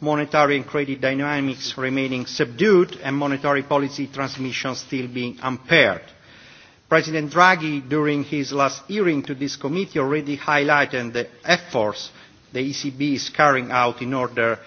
monetary and credit dynamics remaining subdued and monetary policy transmission still being impaired. President Draghi, during his last hearing to this committee, already highlighted the efforts the ECB is carrying out in order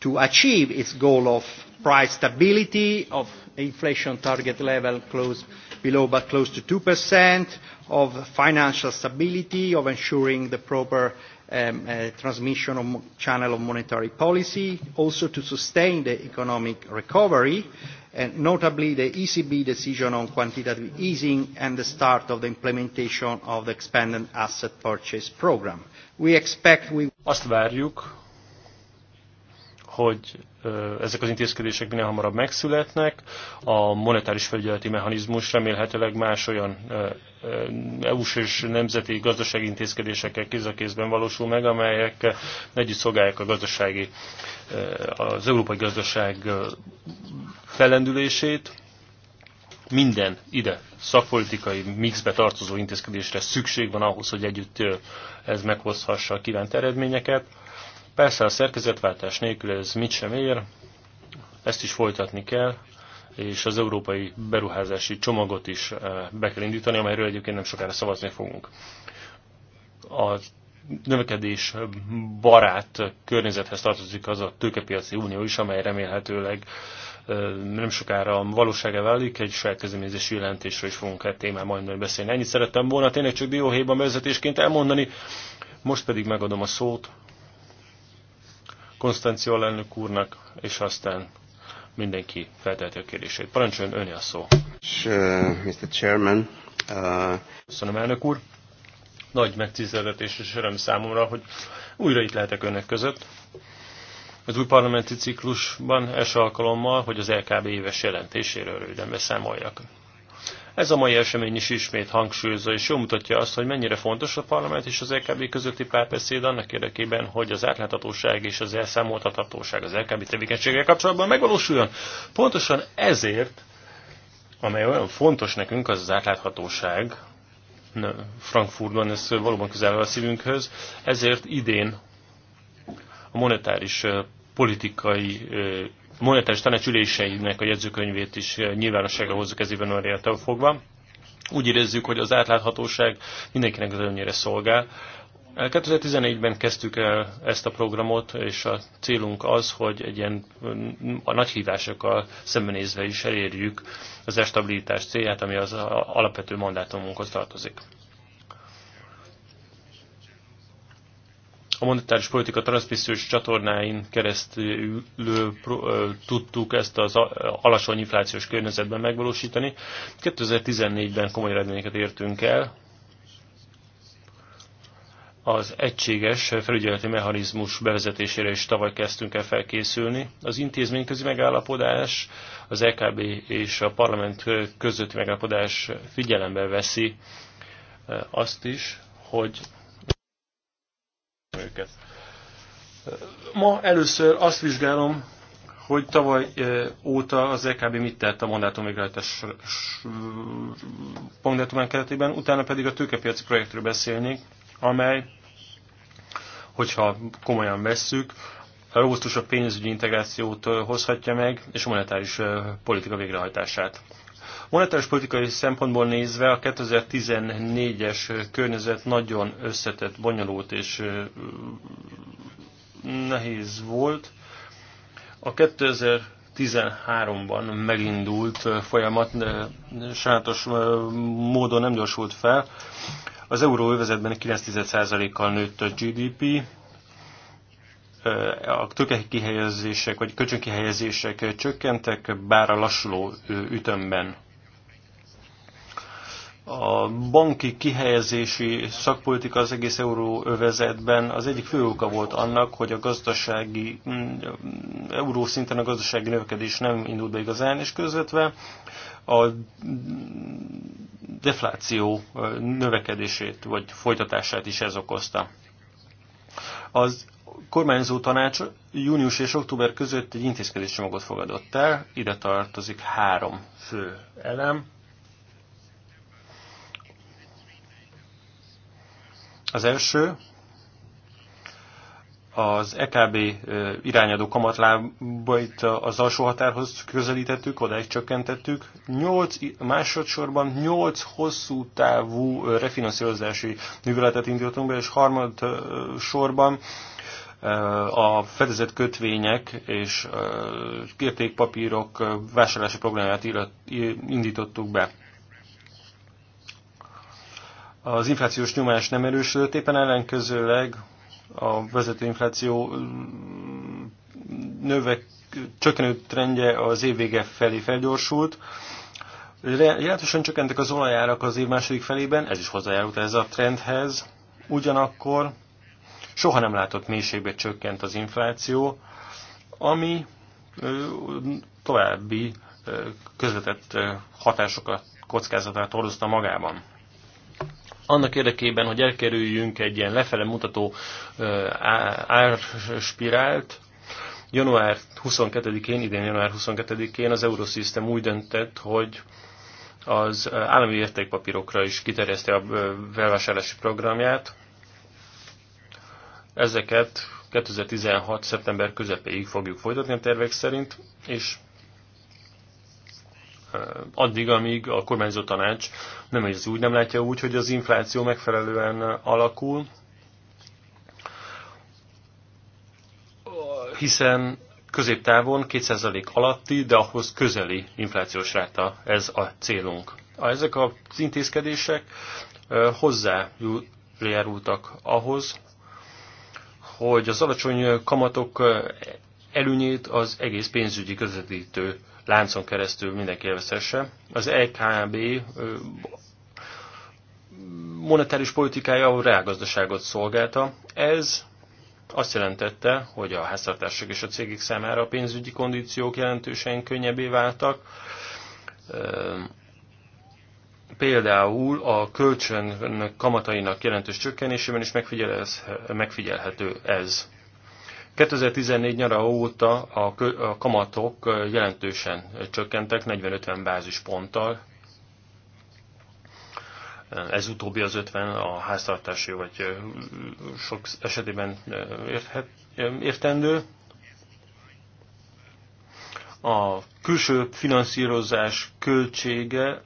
to achieve its goal of price stability, of inflation target level close below but close to 2%, of financial stability, of ensuring the proper um, uh, transmission of channel of monetary policy, also to sustain the economic recovery, and notably the ECB decision on quantitative easing and the start of the implementation of the expanded asset purchase program. We expect we Azt várjuk, hogy ezek az intézkedések minél hamarabb megszületnek. A monetáris felügyeleti mechanizmus remélhetőleg más olyan EU-s és nemzeti gazdasági intézkedésekkel kéz a kézben valósul meg, amelyek együtt szolgálják a gazdasági, az európai gazdaság fellendülését. Minden ide szakpolitikai mixbe tartozó intézkedésre szükség van ahhoz, hogy együtt ez meghozhassa a kívánt eredményeket Persze a szerkezetváltás nélkül ez mit sem ér, ezt is folytatni kell, és az európai beruházási csomagot is eh, be kell indítani, amelyről egyébként nem sokára szavazni fogunk. A növekedés barát környezethez tartozik az a tőkepiaci unió is, amely remélhetőleg eh, nem sokára valósága válik, egy saját kezdeményezési jelentésről is fogunk egy témán majd beszélni. Ennyit szerettem volna tényleg csak dióhéjban vezetésként elmondani, most pedig megadom a szót Konstanció alelnök úrnak, és aztán mindenki felteheti a kérdését. Parancsoljon önni a szó. Mr. Chairman. Uh... Köszönöm, elnök úr. Nagy megtiszteltetés és öröm számomra, hogy újra itt lehetek önök között. Az új parlamenti ciklusban első alkalommal, hogy az LKB éves jelentéséről röviden beszámoljak. Ez a mai esemény is ismét hangsúlyozza és jól mutatja azt, hogy mennyire fontos a parlament és az LKB közötti párbeszéd annak érdekében, hogy az átláthatóság és az elszámoltathatóság az LKB tevékenységgel kapcsolatban megvalósuljon. Pontosan ezért, amely olyan fontos nekünk, az az átláthatóság, Frankfurtban, ez valóban közel a szívünkhöz, ezért idén a monetáris politikai monetáris tanácsüléseinek a jegyzőkönyvét is eh, nyilvánosságra hozzuk ez éven fogva. Úgy érezzük, hogy az átláthatóság mindenkinek az önnyire szolgál. 2014-ben eh, kezdtük el ezt a programot, és a célunk az, hogy egy ilyen mm, a nagy hívásokkal szembenézve is elérjük az estabilitás célját, ami az alapvető mandátumunkhoz tartozik. a monetáris politika transzmissziós csatornáin keresztül tudtuk ezt az alacsony inflációs környezetben megvalósítani. 2014-ben komoly eredményeket értünk el. Az egységes felügyeleti mechanizmus bevezetésére is tavaly kezdtünk el felkészülni. Az intézményközi megállapodás, az EKB és a parlament közötti megállapodás figyelembe veszi azt is, hogy őket. Ma először azt vizsgálom, hogy tavaly e, óta az EKB mit tett a mandátumvégrehajtás mandátumán keretében, utána pedig a tőkepiaci projektről beszélnék, amely, hogyha komolyan vesszük, a robusztusabb pénzügyi integrációt e, hozhatja meg, és a monetáris e, politika végrehajtását. Monetáris politikai szempontból nézve a 2014-es környezet nagyon összetett, bonyolult és nehéz volt. A 2013-ban megindult folyamat sajátos módon nem gyorsult fel. Az euróövezetben 9%-kal nőtt a GDP, a tőkekihelyezések vagy kölcsönkihelyezések csökkentek, bár a lassuló ütemben. A banki kihelyezési szakpolitika az egész euróövezetben az egyik fő oka volt annak, hogy a gazdasági, mm, euró szinten a gazdasági növekedés nem indult be igazán, és közvetve a defláció növekedését vagy folytatását is ez okozta. Az kormányzó tanács június és október között egy intézkedéscsomagot fogadott el, ide tartozik három fő elem. Az első, az EKB irányadó kamatlábait az alsó határhoz közelítettük, odáig csökkentettük. 8, másodszorban 8 hosszú távú refinanszírozási műveletet indítottunk be, és harmad sorban a fedezett kötvények és kértékpapírok vásárlási programját indítottuk be az inflációs nyomás nem erősödött, éppen ellenkezőleg a vezető infláció mm, növek, csökkenő trendje az év vége felé felgyorsult. Jelentősen csökkentek az olajárak az év második felében, ez is hozzájárult ez a trendhez. Ugyanakkor soha nem látott mélységbe csökkent az infláció, ami további közvetett hatásokat, kockázatát hordozta magában annak érdekében, hogy elkerüljünk egy ilyen lefele mutató árspirált, január 22-én, idén január 22-én az Eurosystem úgy döntött, hogy az állami értékpapírokra is kiterjeszti a felvásárlási programját. Ezeket 2016. szeptember közepéig fogjuk folytatni a tervek szerint, és addig, amíg a kormányzó tanács nem érzi úgy, nem látja úgy, hogy az infláció megfelelően alakul, hiszen középtávon 2% alatti, de ahhoz közeli inflációs ráta ez a célunk. Ezek az intézkedések hozzájárultak ahhoz, hogy az alacsony kamatok előnyét az egész pénzügyi közvetítő láncon keresztül mindenki élvezhesse. Az EKB monetáris politikája a reálgazdaságot szolgálta. Ez azt jelentette, hogy a háztartások és a cégek számára a pénzügyi kondíciók jelentősen könnyebbé váltak. Például a kölcsön kamatainak jelentős csökkenésében is megfigyelhető ez. 2014 nyara óta a kamatok jelentősen csökkentek, 40-50 bázisponttal. Ez utóbbi az 50 a háztartási vagy sok esetében érthet, értendő. A külső finanszírozás költsége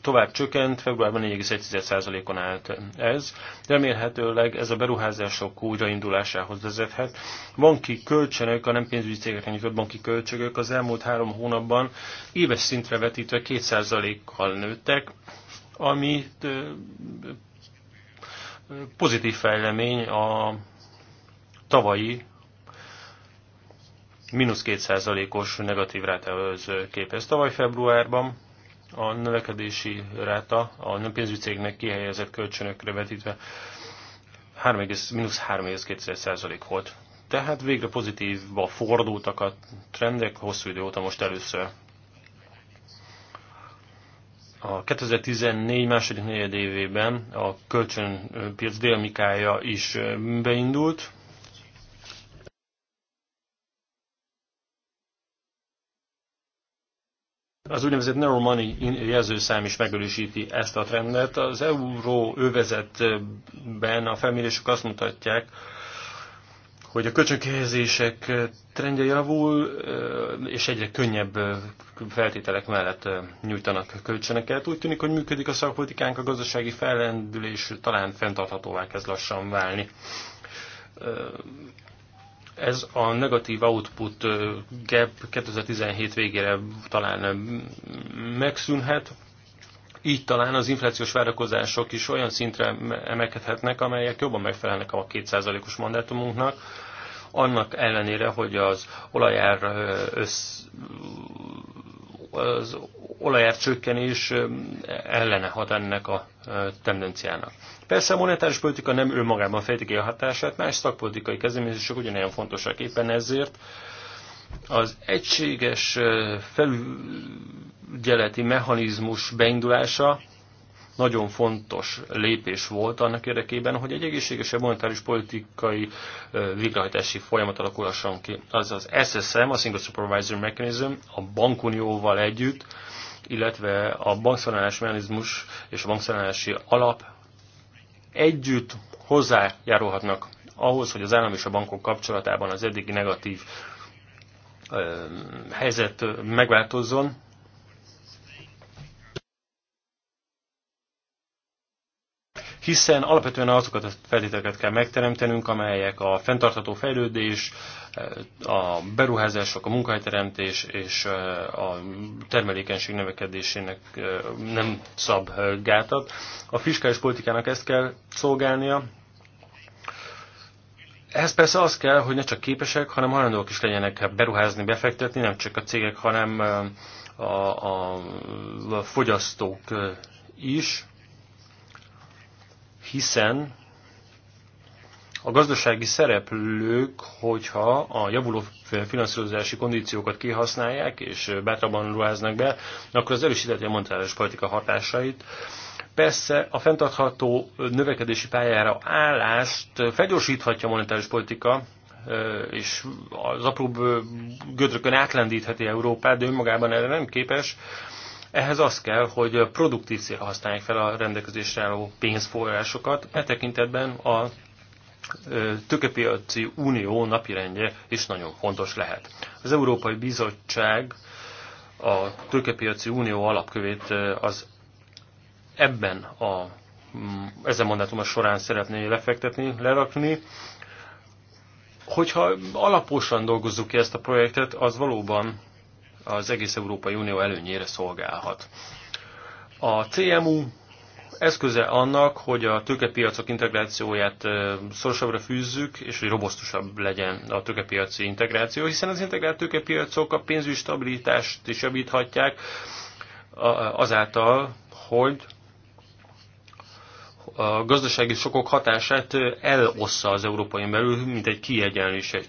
tovább csökkent, februárban 4,1%-on állt ez. Remélhetőleg ez a beruházások újraindulásához vezethet. Banki kölcsönök, a nem pénzügyi cégeknek nyitott banki költségök az elmúlt három hónapban éves szintre vetítve 2%-kal nőttek, ami pozitív fejlemény a tavalyi mínusz 2%-os negatív rátához képest. Tavaly februárban a növekedési ráta a pénzügyi cégnek kihelyezett kölcsönökre vetítve 3,2% volt. Tehát végre pozitívba fordultak a trendek, hosszú idő óta most először. A 2014 második negyedévében a kölcsönpiac délmikája is beindult, az úgynevezett no money jelzőszám is megölősíti ezt a trendet. Az euró övezetben a felmérések azt mutatják, hogy a kölcsönkihelyezések trendje javul, és egyre könnyebb feltételek mellett nyújtanak kölcsöneket. Úgy tűnik, hogy működik a szakpolitikánk, a gazdasági fellendülés talán fenntarthatóvá kezd lassan válni. Ez a negatív output gap 2017 végére talán megszűnhet, így talán az inflációs várakozások is olyan szintre emelkedhetnek, amelyek jobban megfelelnek a 2%-os mandátumunknak, annak ellenére, hogy az olajár össz, az olajár csökkenés ellene hat ennek a tendenciának. Persze a monetáris politika nem önmagában fejti ki a hatását, más szakpolitikai kezdeményezések ugyanolyan fontosak éppen ezért. Az egységes felügyeleti mechanizmus beindulása nagyon fontos lépés volt annak érdekében, hogy egy egészségesebb monetáris politikai végrehajtási folyamat alakulhasson ki. Az az SSM, a Single Supervisor Mechanism, a bankunióval együtt, illetve a bankszanálási mechanizmus és a bankszanálási alap együtt hozzájárulhatnak ahhoz, hogy az állam és a bankok kapcsolatában az eddigi negatív helyzet megváltozzon, hiszen alapvetően azokat a feltételeket kell megteremtenünk, amelyek a fenntartható fejlődés, a beruházások, a munkahelyteremtés és a termelékenység növekedésének nem szab gátat. A fiskális politikának ezt kell szolgálnia, ehhez persze az kell, hogy ne csak képesek, hanem hajlandók is legyenek beruházni, befektetni, nem csak a cégek, hanem a, a, a fogyasztók is hiszen a gazdasági szereplők, hogyha a javuló finanszírozási kondíciókat kihasználják és bátrabban ruháznak be, akkor az erősíteti a monetáris politika hatásait. Persze a fenntartható növekedési pályára állást felgyorsíthatja a monetáris politika, és az apróbb gödrökön átlendítheti Európát, de önmagában erre nem képes. Ehhez az kell, hogy produktív célra használják fel a rendelkezésre álló pénzforrásokat. E tekintetben a tőkepiaci unió napirendje is nagyon fontos lehet. Az Európai Bizottság a tőkepiaci unió alapkövét az ebben a mm, ezen a során szeretné lefektetni, lerakni. Hogyha alaposan dolgozzuk ki ezt a projektet, az valóban az egész Európai Unió előnyére szolgálhat. A CMU eszköze annak, hogy a tőkepiacok integrációját szorosabbra fűzzük, és hogy robosztusabb legyen a tőkepiaci integráció, hiszen az integrált tőkepiacok a pénzügyi stabilitást is javíthatják azáltal, hogy a gazdasági sokok hatását elossza az európai belül, mint egy kiegyenlítse.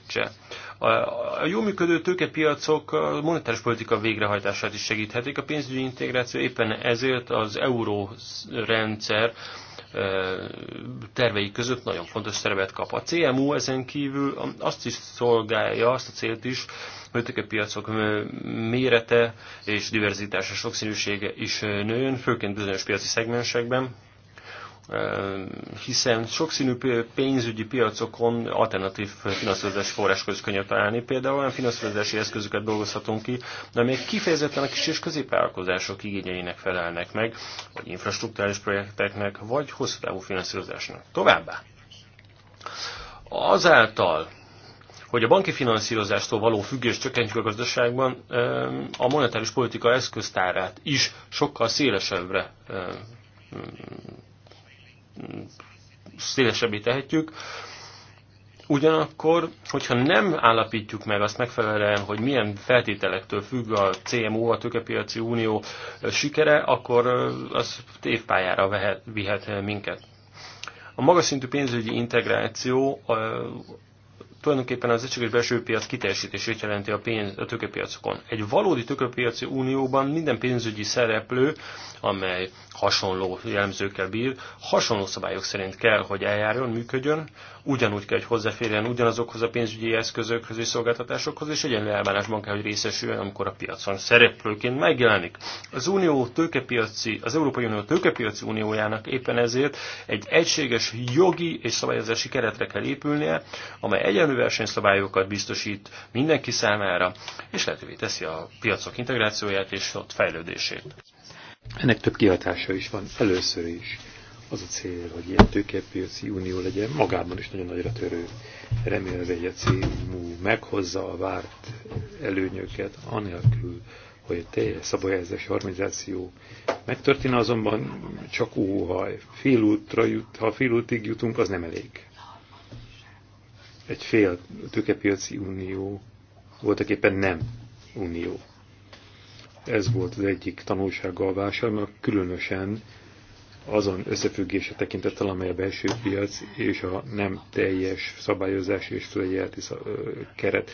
A jó működő tőkepiacok a monetáris politika végrehajtását is segíthetik. A pénzügyi integráció éppen ezért az eurórendszer tervei között nagyon fontos szerepet kap. A CMU ezen kívül azt is szolgálja, azt a célt is, hogy a piacok mérete és diverzitása, sokszínűsége is nőjön, főként bizonyos piaci szegmensekben, hiszen sokszínű pénzügyi piacokon alternatív finanszírozási forráshoz könnyebb találni. Például olyan finanszírozási eszközöket dolgozhatunk ki, amelyek kifejezetten a kis és középvállalkozások igényeinek felelnek meg, vagy infrastruktúrális projekteknek, vagy hosszú távú finanszírozásnak. Továbbá, azáltal, hogy a banki finanszírozástól való függés csökkentjük a gazdaságban, a monetáris politika eszköztárát is sokkal szélesebbre szélesebbé tehetjük. Ugyanakkor, hogyha nem állapítjuk meg azt megfelelően, hogy milyen feltételektől függ a CMU, a Tőkepiaci Unió sikere, akkor az tévpályára vehet, vihet minket. A magas szintű pénzügyi integráció tulajdonképpen az egységes belső piac kiteljesítését jelenti a, pénz, a tőkepiacokon. Egy valódi tőkepiaci unióban minden pénzügyi szereplő, amely hasonló jellemzőkkel bír, hasonló szabályok szerint kell, hogy eljárjon, működjön, ugyanúgy kell, hogy hozzáférjen ugyanazokhoz a pénzügyi eszközökhöz és szolgáltatásokhoz, és egyenlő elvárásban kell, hogy részesüljön, amikor a piacon szereplőként megjelenik. Az Unió tőkepiaci, az Európai Unió tőkepiaci uniójának éppen ezért egy egységes jogi és szabályozási keretre kell épülnie, amely egyenlő megfelelő versenyszabályokat biztosít mindenki számára, és lehetővé teszi a piacok integrációját és ott fejlődését. Ennek több kihatása is van. Először is az a cél, hogy ilyen tőkepiaci unió legyen, magában is nagyon nagyra törő. Remélem egy egy célmú meghozza a várt előnyöket, anélkül, hogy a teljes szabályozási harmonizáció megtörténne, azonban csak óhaj. útra jut, ha útig jutunk, az nem elég egy fél tőkepiaci unió, voltak éppen nem unió. Ez volt az egyik tanulsága a vásárnak, különösen azon összefüggése tekintettel, amely a belső piac és a nem teljes szabályozás és felügyeleti keret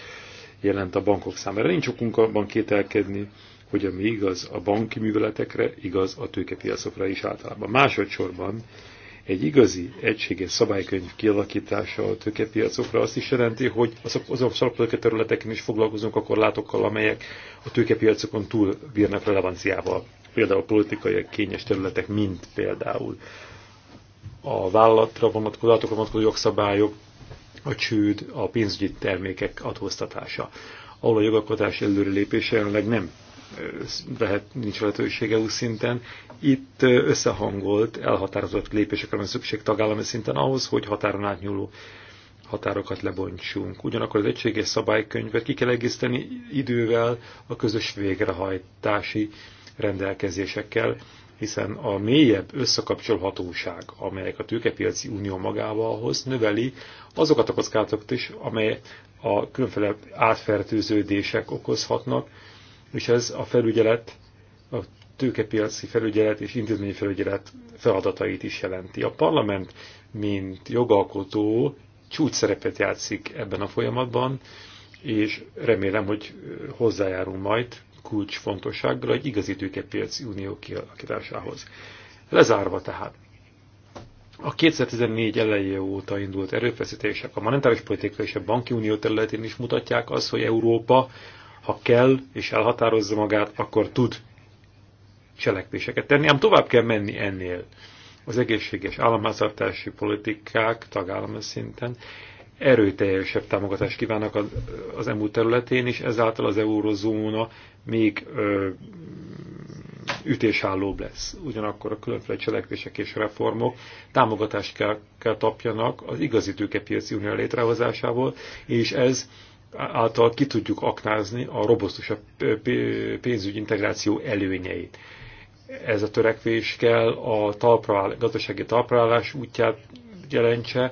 jelent a bankok számára. Nincs okunk abban kételkedni, hogy ami igaz a banki műveletekre, igaz a tőkepiacokra is általában. Másodszorban egy igazi egységes szabálykönyv kialakítása a tőkepiacokra azt is jelenti, hogy azok az területeken is foglalkozunk a korlátokkal, amelyek a tőkepiacokon túl bírnak relevanciával. Például a politikai kényes területek, mint például a vállalatra vonatkozó, adatokra vonatkozó jogszabályok, a csőd, a pénzügyi termékek adóztatása, ahol a jogalkotás előrelépése jelenleg nem lehet, nincs lehetősége EU szinten. Itt összehangolt, elhatározott lépésekre van szükség tagállami szinten ahhoz, hogy határon átnyúló határokat lebontsunk. Ugyanakkor az egységes szabálykönyvet ki kell egészteni idővel a közös végrehajtási rendelkezésekkel, hiszen a mélyebb összekapcsolhatóság, amelyek a tőkepiaci unió magával hoz, növeli azokat a kockázatokat is, amelyek a különféle átfertőződések okozhatnak, és ez a felügyelet, a tőkepiaci felügyelet és intézményi felügyelet feladatait is jelenti. A parlament, mint jogalkotó szerepet játszik ebben a folyamatban, és remélem, hogy hozzájárul majd kulcsfontossággal egy igazi tőkepiaci unió kialakításához. Lezárva tehát. A 2014 eleje óta indult erőfeszítések a monetáris politika és a banki unió területén is mutatják azt, hogy Európa ha kell és elhatározza magát, akkor tud cselekvéseket tenni, ám tovább kell menni ennél. Az egészséges államháztartási politikák tagállami szinten erőteljesebb támogatást kívánnak az, az EMU területén, és ezáltal az eurozóna még ö, ütésállóbb lesz. Ugyanakkor a különféle cselekvések és reformok támogatást kell, kell tapjanak az igazi tőkepiaci unió létrehozásából, és ez által ki tudjuk aknázni a robosztusabb pénzügyi integráció előnyeit. Ez a törekvés kell a talpraáll, gazdasági talpraállás útját jelentse,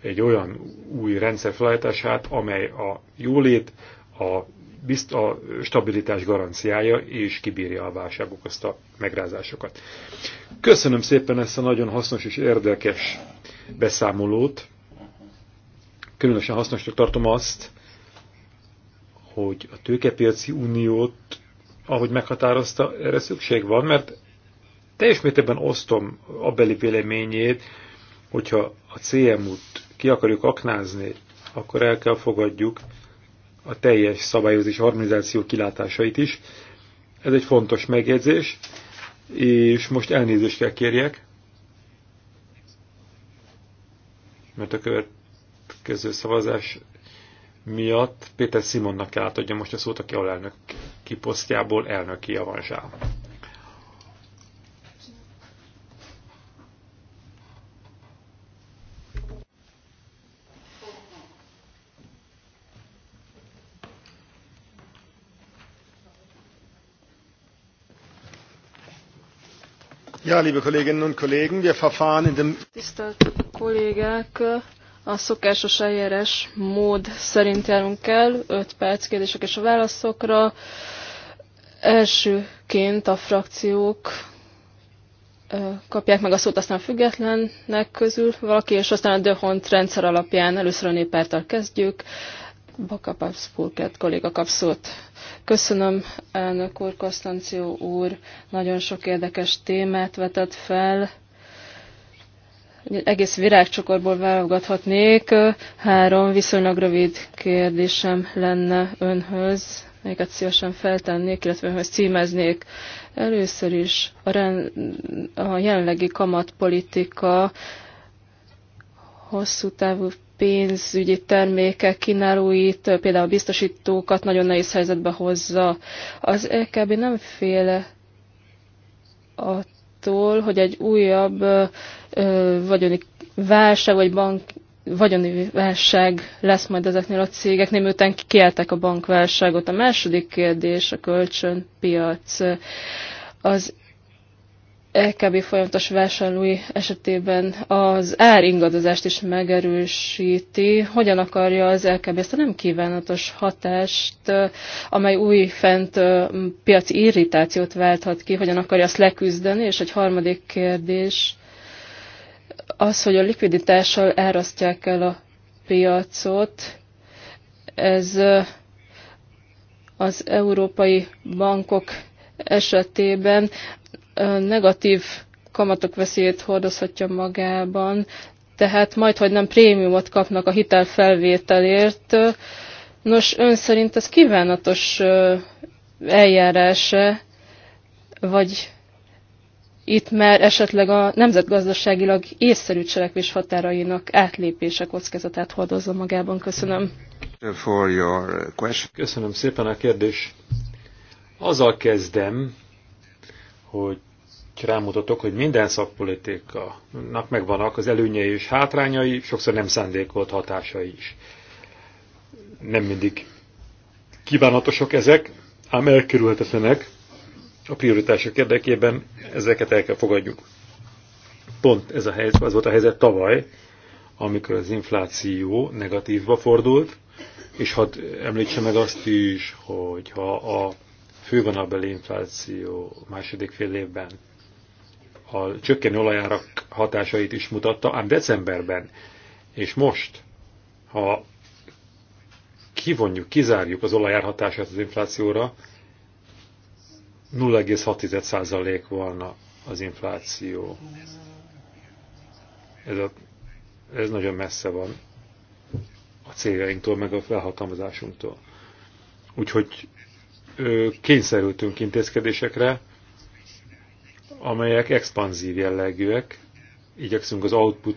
egy olyan új rendszer felállítását, amely a jólét, a, bizt, a stabilitás garanciája és kibírja a azt a megrázásokat. Köszönöm szépen ezt a nagyon hasznos és érdekes beszámolót. Különösen hasznosnak tartom azt, hogy a tőkepiaci uniót, ahogy meghatározta, erre szükség van, mert teljes mértékben osztom a beli véleményét, hogyha a CMU-t ki akarjuk aknázni, akkor el kell fogadjuk a teljes szabályozás harmonizáció kilátásait is. Ez egy fontos megjegyzés, és most elnézést kell kérjek, mert a következő szavazás miatt Péter Simonnak kell átadja most a szót, aki alelnök kiposztjából elnöki avanzsál. Ja, liebe Kolleginnen und Kollegen, wir verfahren in dem Tisztelt kollégák, a szokásos eljárás mód szerint járunk el, 5 perc kérdések és a válaszokra. Elsőként a frakciók kapják meg a szót, aztán a függetlennek közül valaki, és aztán a Dehont rendszer alapján először a néppártal kezdjük. Pabszpulket kolléga kap szót. Köszönöm, elnök úr, Konstanció úr, nagyon sok érdekes témát vetett fel egész virágcsokorból válogathatnék. Három viszonylag rövid kérdésem lenne önhöz, melyeket szívesen feltennék, illetve önhöz címeznék. Először is a, rend, a jelenlegi kamatpolitika hosszú távú pénzügyi termékek kínálóit, például a biztosítókat nagyon nehéz helyzetbe hozza. Az EKB nem féle. a attól, hogy egy újabb ö, vagyoni válság, vagy bank vagyoni válság lesz majd ezeknél a cégeknél, miután kieltek a bankválságot. A második kérdés a kölcsönpiac. Az LKB e folyamatos vásárlói esetében az áringadozást is megerősíti. Hogyan akarja az LKB e ezt a nem kívánatos hatást, amely új fent piaci irritációt válthat ki, hogyan akarja azt leküzdeni? És egy harmadik kérdés az, hogy a likviditással árasztják el a piacot. Ez az európai bankok esetében negatív kamatok veszélyét hordozhatja magában, tehát majd, hogy nem prémiumot kapnak a hitel felvételért, Nos, ön szerint ez kívánatos eljárása, vagy itt már esetleg a nemzetgazdaságilag észszerű cselekvés határainak átlépése kockázatát hordozza magában. Köszönöm. Köszönöm szépen a kérdés. Azzal kezdem, hogy rámutatok, hogy minden szakpolitikának megvannak az előnyei és hátrányai, sokszor nem szándékolt hatásai is. Nem mindig kívánatosak ezek, ám elkerülhetetlenek a prioritások érdekében, ezeket el kell fogadjuk. Pont ez a helyzet, az volt a helyzet tavaly, amikor az infláció negatívba fordult, és hadd említse meg azt is, hogy ha a fővonalbeli infláció második fél évben a csökkenő olajárak hatásait is mutatta, ám decemberben és most, ha kivonjuk, kizárjuk az olajár hatását az inflációra, 0,6% volna az infláció. Ez, a, ez nagyon messze van a céljainktól, meg a felhatalmazásunktól. Úgyhogy kényszerültünk intézkedésekre, amelyek expanzív jellegűek. Igyekszünk az output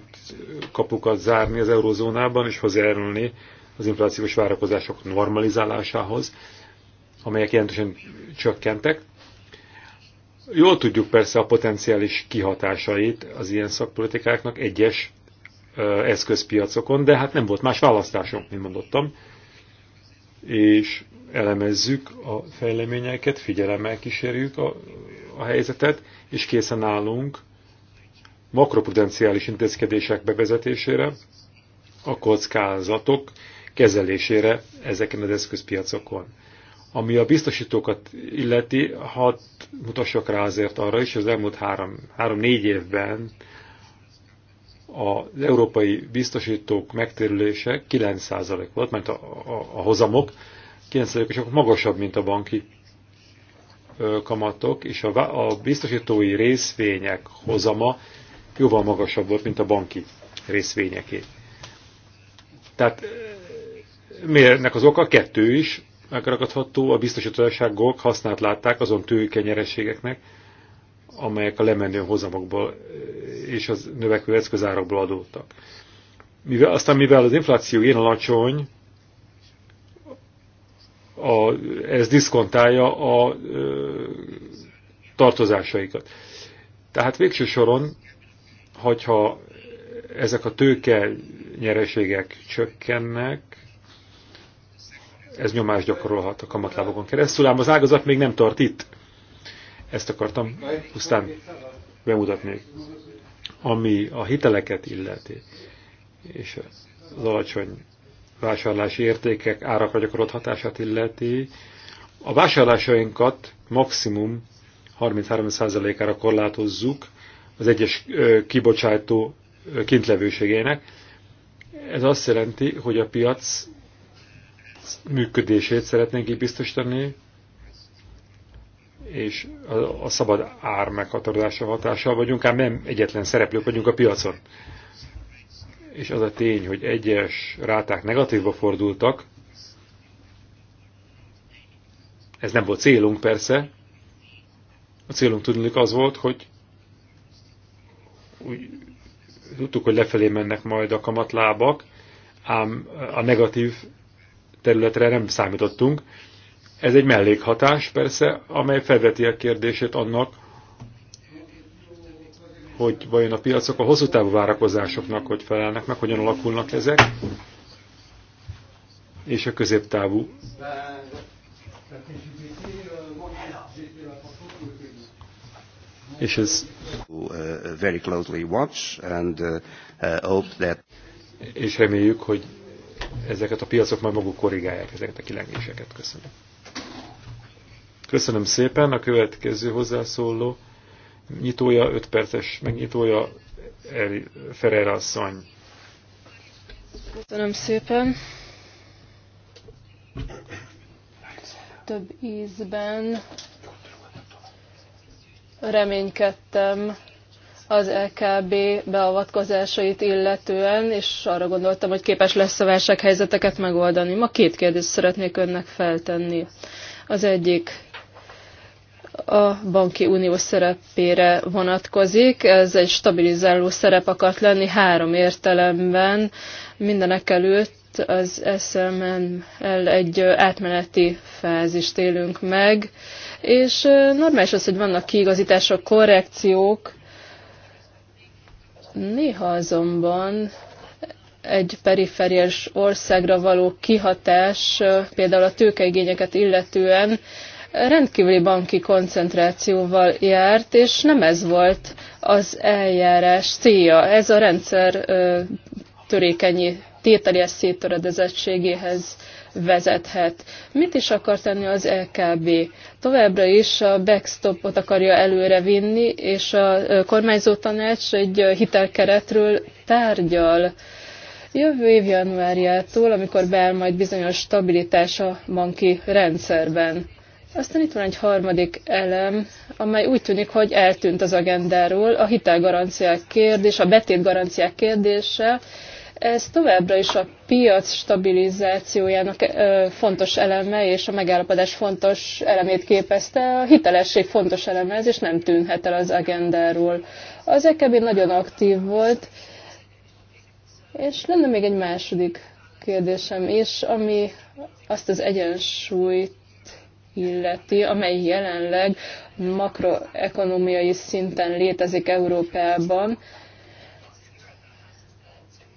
kapukat zárni az eurozónában, és hozzájárulni az inflációs várakozások normalizálásához, amelyek jelentősen csökkentek. Jól tudjuk persze a potenciális kihatásait az ilyen szakpolitikáknak egyes eszközpiacokon, de hát nem volt más választásunk, mint mondottam. És elemezzük a fejleményeket, figyelemmel kísérjük a, a helyzetet, és készen állunk makroprudenciális intézkedések bevezetésére, a kockázatok kezelésére ezeken az eszközpiacokon. Ami a biztosítókat illeti, hadd mutassak rá azért arra is, az elmúlt három-négy három, évben az európai biztosítók megtérülése 9% volt, mert a, a, a hozamok, 9%-osok magasabb, mint a banki kamatok, és a, a biztosítói részvények hozama jóval magasabb volt, mint a banki részvényeké. Tehát mérnek az oka? Kettő is megragadható. A biztosítóságok hasznát látták azon tőkenyerességeknek, amelyek a lemenő hozamokból és az növekvő eszközárakból adódtak. Mivel, aztán mivel az infláció ilyen alacsony, a, ez diszkontálja a ö, tartozásaikat. Tehát végső soron, hogyha ezek a tőke nyereségek csökkennek, ez nyomás gyakorolhat a kamatlábokon keresztül, ám az ágazat még nem tart itt. Ezt akartam pusztán bemutatni. Ami a hiteleket illeti, és az alacsony vásárlási értékek árakra gyakorolt hatását illeti, a vásárlásainkat maximum 33%-ára korlátozzuk az egyes kibocsátó kintlevőségének. Ez azt jelenti, hogy a piac működését szeretnénk így biztosítani, és a, a szabad ár meghatározása hatással vagyunk, ám nem egyetlen szereplők vagyunk a piacon és az a tény, hogy egyes ráták negatívba fordultak, ez nem volt célunk persze, a célunk tudnunk az volt, hogy úgy tudtuk, hogy lefelé mennek majd a kamatlábak, ám a negatív területre nem számítottunk. Ez egy mellékhatás persze, amely felveti a kérdését annak, hogy vajon a piacok a hosszú távú várakozásoknak hogy felelnek meg, hogyan alakulnak ezek, és a középtávú. És ez very closely watch and uh, hope that és reméljük, hogy ezeket a piacok majd maguk korrigálják ezeket a kilengéseket. Köszönöm. Köszönöm szépen. A következő hozzászóló nyitója, 5 perces megnyitója, Ferreira asszony. Köszönöm szépen. Több ízben reménykedtem az LKB beavatkozásait illetően, és arra gondoltam, hogy képes lesz a válsághelyzeteket megoldani. Ma két kérdést szeretnék önnek feltenni. Az egyik, a banki unió szerepére vonatkozik. Ez egy stabilizáló szerep akart lenni három értelemben. Mindenek előtt az SMN-el egy átmeneti fázist élünk meg, és normális az, hogy vannak kiigazítások, korrekciók, néha azonban egy perifériás országra való kihatás, például a tőkeigényeket illetően rendkívüli banki koncentrációval járt, és nem ez volt az eljárás célja. Ez a rendszer törékenyi tételes széttöredezettségéhez vezethet. Mit is akar tenni az LKB? E Továbbra is a backstopot akarja előre vinni, és a kormányzó tanács egy hitelkeretről tárgyal. Jövő év januárjától, amikor beáll majd bizonyos stabilitás a banki rendszerben. Aztán itt van egy harmadik elem, amely úgy tűnik, hogy eltűnt az agendáról, a hitelgaranciák kérdés, a betétgaranciák kérdése. Ez továbbra is a piac stabilizációjának fontos eleme és a megállapodás fontos elemét képezte. A hitelesség fontos eleme ez, és nem tűnhet el az agendáról. Az EKB nagyon aktív volt, és lenne még egy második kérdésem is, ami azt az egyensúlyt illeti, amely jelenleg makroekonomiai szinten létezik Európában.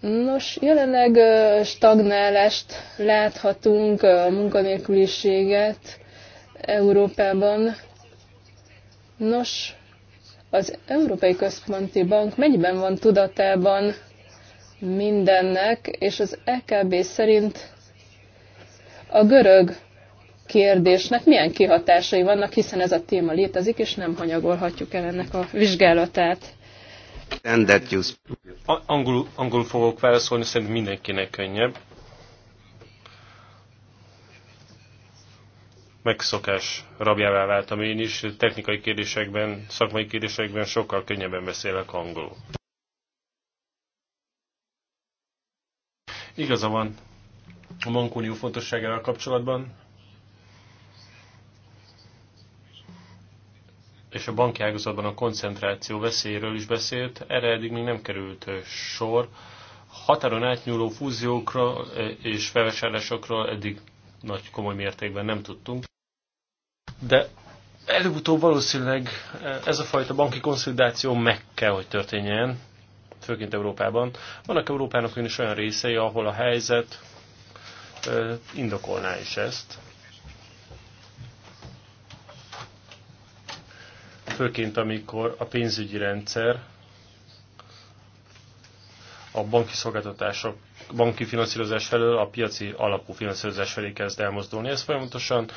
Nos, jelenleg stagnálást láthatunk, a munkanélküliséget Európában. Nos, az Európai Központi Bank mennyiben van tudatában mindennek, és az EKB szerint a görög kérdésnek milyen kihatásai vannak, hiszen ez a téma létezik, és nem hanyagolhatjuk el ennek a vizsgálatát. Angol angolul fogok válaszolni, szerintem mindenkinek könnyebb. megszokás rabjává váltam én is, technikai kérdésekben, szakmai kérdésekben sokkal könnyebben beszélek angolul. Igaza van a mankunió fontosságával kapcsolatban, és a banki ágazatban a koncentráció veszélyéről is beszélt, erre eddig még nem került sor. Határon átnyúló fúziókra és felvásárlásokról eddig nagy komoly mértékben nem tudtunk. De előbb-utóbb valószínűleg ez a fajta banki konszolidáció meg kell, hogy történjen, főként Európában. Vannak Európának is olyan részei, ahol a helyzet indokolná is ezt. főként amikor a pénzügyi rendszer a banki szolgáltatások, banki finanszírozás felől a piaci alapú finanszírozás felé kezd elmozdulni. Ez folyamatosan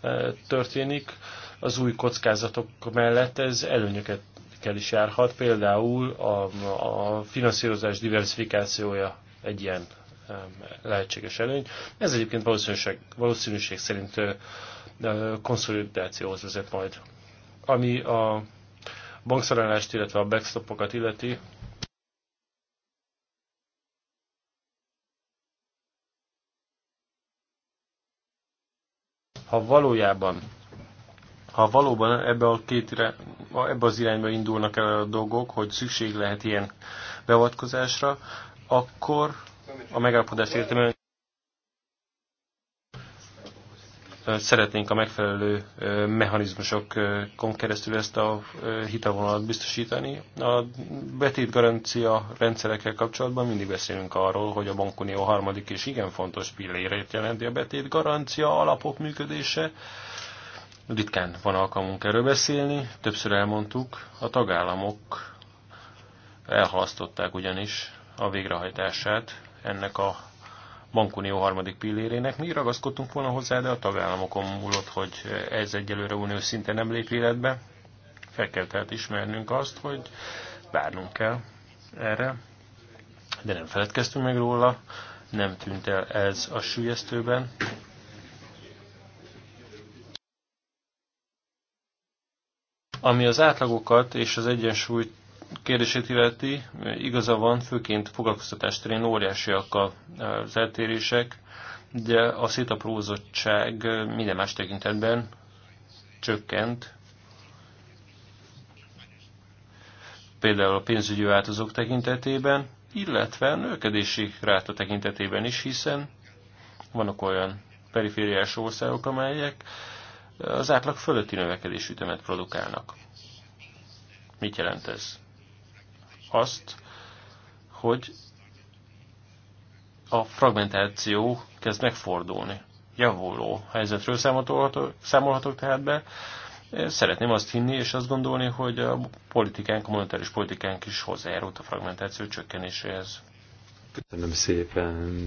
e, történik. Az új kockázatok mellett ez előnyöket kell is járhat, például a, a finanszírozás diversifikációja egy ilyen e, lehetséges előny. Ez egyébként valószínűség, valószínűség szerint e, konszolidációhoz vezet majd. Ami a bankszorálást, illetve a backstopokat illeti, ha valójában, ha valóban ebbe, a két ebbe az irányba indulnak el a dolgok, hogy szükség lehet ilyen beavatkozásra, akkor a megállapodás értelme szeretnénk a megfelelő mechanizmusokon keresztül ezt a hitelvonalat biztosítani. A betét garancia rendszerekkel kapcsolatban mindig beszélünk arról, hogy a bankunió harmadik és igen fontos pillérét jelenti a betét garancia alapok működése. Ritkán van alkalmunk erről beszélni, többször elmondtuk, a tagállamok elhalasztották ugyanis a végrehajtását ennek a bankunió harmadik pillérének. Mi ragaszkodtunk volna hozzá, de a tagállamokon múlott, hogy ez egyelőre unió szinten nem lép életbe. Fel kell tehát ismernünk azt, hogy várnunk kell erre, de nem feledkeztünk meg róla, nem tűnt el ez a sülyeztőben. Ami az átlagokat és az egyensúlyt kérdését illeti, igaza van, főként foglalkoztatás terén óriásiak az eltérések, de a szétaprózottság minden más tekintetben csökkent. Például a pénzügyi változók tekintetében, illetve a növekedési ráta tekintetében is, hiszen vannak olyan perifériás országok, amelyek az átlag fölötti növekedés ütemet produkálnak. Mit jelent ez? azt, hogy a fragmentáció kezd megfordulni. Javuló helyzetről számolhatok, számolhatok tehát be. Szeretném azt hinni és azt gondolni, hogy a politikánk, a monetáris politikánk is hozzájárult a fragmentáció csökkenéséhez. Köszönöm szépen,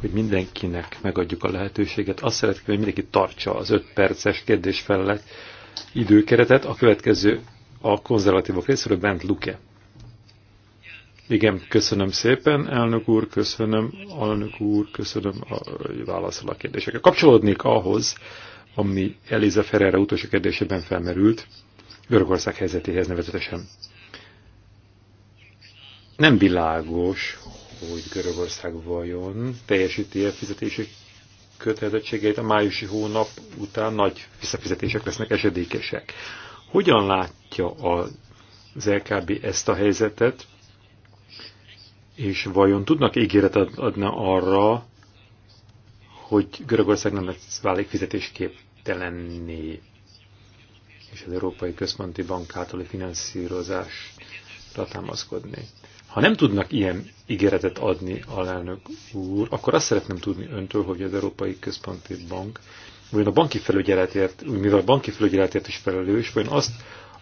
hogy mindenkinek megadjuk a lehetőséget. Azt szeretném, hogy mindenki tartsa az 5 perces kérdés felett időkeretet. A következő a konzervatívok részéről Bent Luke. Igen, köszönöm szépen, elnök úr, köszönöm, elnök úr, köszönöm, a, hogy válaszol a kérdéseket. Kapcsolódnék ahhoz, ami Eliza Ferreira utolsó kérdésében felmerült, Görögország helyzetéhez nevezetesen. Nem világos, hogy Görögország vajon teljesíti-e fizetési kötelezettségeit a májusi hónap után nagy visszafizetések lesznek esedékesek. Hogyan látja az LKB ezt a helyzetet, és vajon tudnak ígéretet adni arra, hogy Görögország nem lesz válik fizetésképtelenné, és az Európai Központi Bank általi finanszírozásra támaszkodni. Ha nem tudnak ilyen ígéretet adni lelnök úr, akkor azt szeretném tudni öntől, hogy az Európai Központi Bank, vajon a banki felügyeletért, mivel a banki felügyeletért is felelős, vajon azt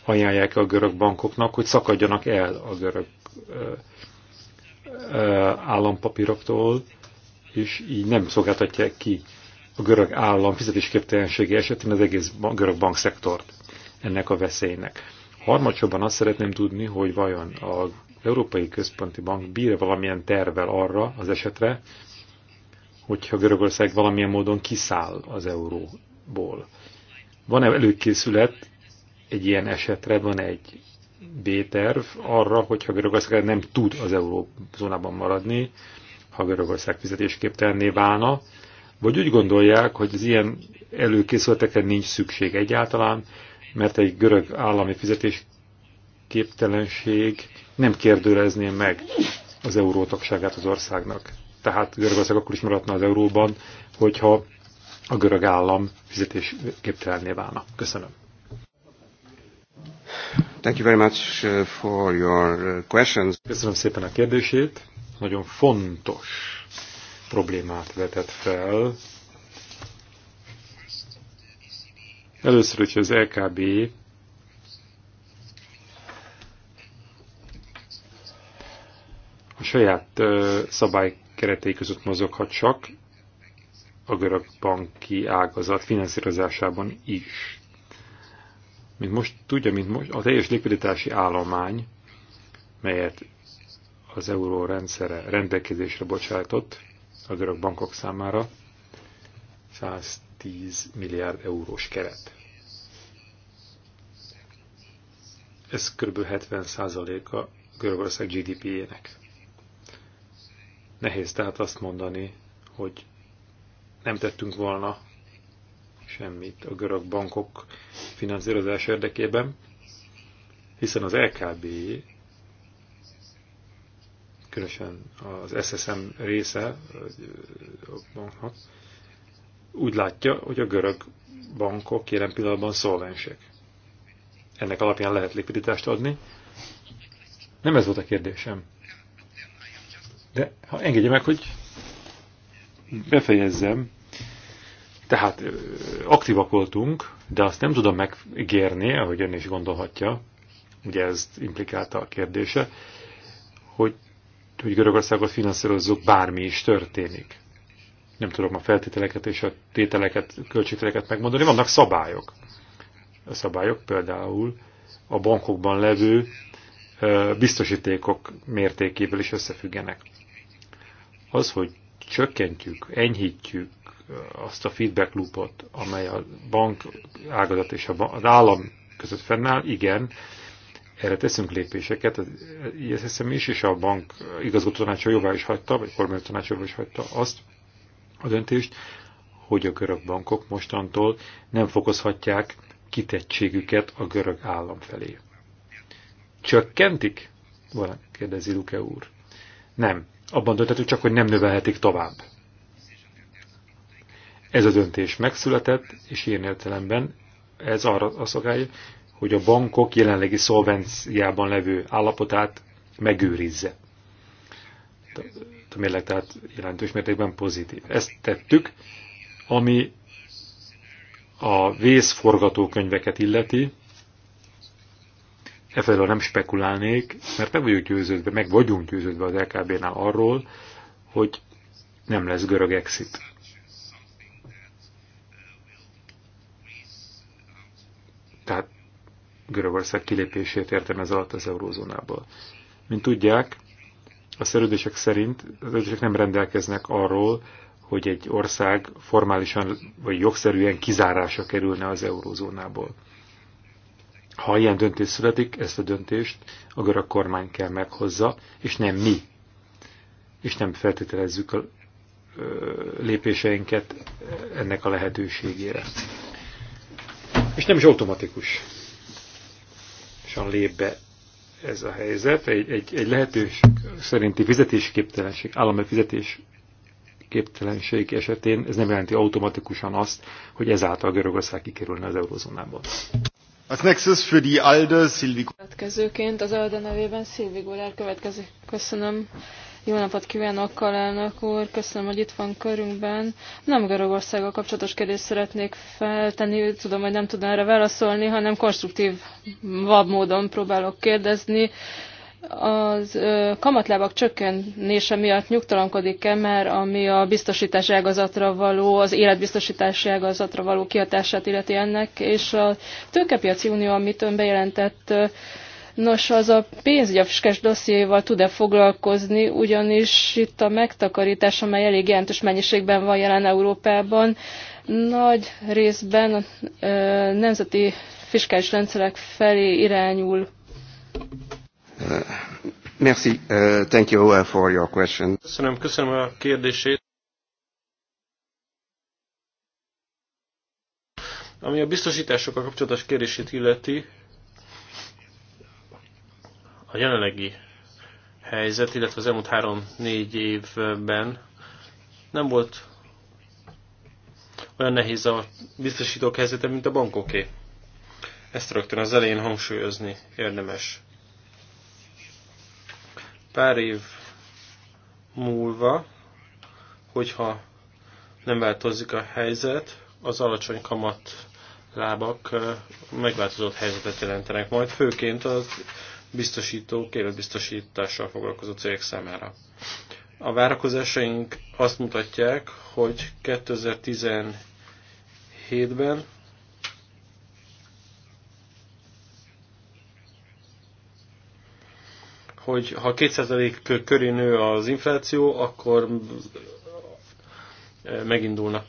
ajánlják a görög bankoknak, hogy szakadjanak el a görög Eh, állampapíroktól, és így nem szolgáltatja ki a görög állam fizetésképtelensége esetén az egész görög bankszektort ennek a veszélynek. Harmadsorban azt szeretném tudni, hogy vajon az Európai Központi Bank bír valamilyen tervel arra az esetre, hogyha Görögország valamilyen módon kiszáll az euróból. Van-e előkészület egy ilyen esetre, van egy B-terv arra, hogyha Görögország nem tud az eurózónában maradni, ha Görögország fizetésképtelenné válna, vagy úgy gondolják, hogy az ilyen előkészületekre nincs szükség egyáltalán, mert egy görög állami fizetésképtelenség nem kérdőrezné meg az eurótagságát az országnak. Tehát Görögország akkor is maradna az euróban, hogyha a görög állam fizetésképtelenné válna. Köszönöm. Thank you very much uh, for your uh, questions. Köszönöm szépen a kérdését. Nagyon fontos problémát vetett fel. Először, hogyha az LKB a saját szabály keretei között mozoghat csak, a görög banki ágazat finanszírozásában is mint most tudja, mint most, a teljes likviditási állomány, melyet az euró rendszere rendelkezésre bocsátott a görög bankok számára, 110 milliárd eurós keret. Ez kb. 70%-a Görögország GDP-jének. Nehéz tehát azt mondani, hogy nem tettünk volna semmit a görög bankok finanszírozás érdekében, hiszen az LKB, különösen az SSM része a banknak, úgy látja, hogy a görög bankok jelen pillanatban szolvensek. Ennek alapján lehet likviditást adni. Nem ez volt a kérdésem. De ha engedje meg, hogy befejezzem, tehát aktívak voltunk, de azt nem tudom megígérni, ahogy ön is gondolhatja, ugye ez implikálta a kérdése, hogy, hogy Görögországot finanszírozzuk, bármi is történik. Nem tudom a feltételeket és a tételeket, költségteleket megmondani, vannak szabályok. A szabályok például a bankokban levő biztosítékok mértékével is összefüggenek. Az, hogy csökkentjük, enyhítjük azt a feedback loopot, amely a bank ágazat és az állam között fennáll, igen, erre teszünk lépéseket, ezt hiszem is, és a bank igazgató tanácsa jóvá is hagyta, vagy kormányzó tanácsa jóvá is hagyta azt a döntést, hogy a görög bankok mostantól nem fokozhatják kitettségüket a görög állam felé. Csökkentik? Valami kérdezi Luke úr. Nem. Abban döntetünk csak, hogy nem növelhetik tovább. Ez a döntés megszületett, és ilyen értelemben ez arra a szokály, hogy a bankok jelenlegi szolvenciában levő állapotát megőrizze. A mérleg tehát jelentős mértékben pozitív. Ezt tettük, ami a vészforgatókönyveket illeti, efelől nem spekulálnék, mert meg vagyunk győződve, meg vagyunk győződve az LKB-nál arról, hogy nem lesz görög exit. Tehát Görögország kilépését értem ez alatt az eurózónából. Mint tudják, a szerződések szerint az szerződések nem rendelkeznek arról, hogy egy ország formálisan vagy jogszerűen kizárása kerülne az eurózónából. Ha ilyen döntés születik, ezt a döntést a görög kormány kell meghozza, és nem mi. És nem feltételezzük a lépéseinket ennek a lehetőségére. És nem is automatikus. És lép be ez a helyzet. Egy, egy, egy lehetős szerinti fizetésképtelenség, állami fizetésképtelenség esetén ez nem jelenti automatikusan azt, hogy ezáltal Görögország kikerülne az eurozónából. Az Nexus für die ALDE Silvi Következőként az ALDE nevében Silvi Gulár következik. Köszönöm. Jó napot kívánok, Kalának úr, köszönöm, hogy itt van körünkben. Nem Görögországgal kapcsolatos kérdést szeretnék feltenni, tudom, hogy nem tudom erre válaszolni, hanem konstruktív vab módon próbálok kérdezni. Az ö, kamatlábak csökkenése miatt nyugtalankodik-e, mert ami a biztosítás ágazatra való, az életbiztosítási ágazatra való kihatását illeti ennek, és a tőkepiaci unió, amit ön bejelentett, Nos, az a pénz, dossziéval tud-e foglalkozni, ugyanis itt a megtakarítás, amely elég jelentős mennyiségben van jelen Európában, nagy részben a nemzeti fiskális rendszerek felé irányul. Uh, merci. Uh, thank you uh, for your question. Köszönöm, köszönöm a kérdését. Ami a biztosításokkal kapcsolatos kérését illeti, a jelenlegi helyzet, illetve az elmúlt három-négy évben nem volt olyan nehéz a biztosítók helyzete, mint a bankoké. Ezt rögtön az elején hangsúlyozni érdemes. Pár év múlva, hogyha nem változik a helyzet, az alacsony kamat lábak megváltozott helyzetet jelentenek majd, főként az biztosítók, életbiztosítással foglalkozó cégek számára. A várakozásaink azt mutatják, hogy 2017-ben hogy ha 2% köré nő az infláció, akkor megindulnak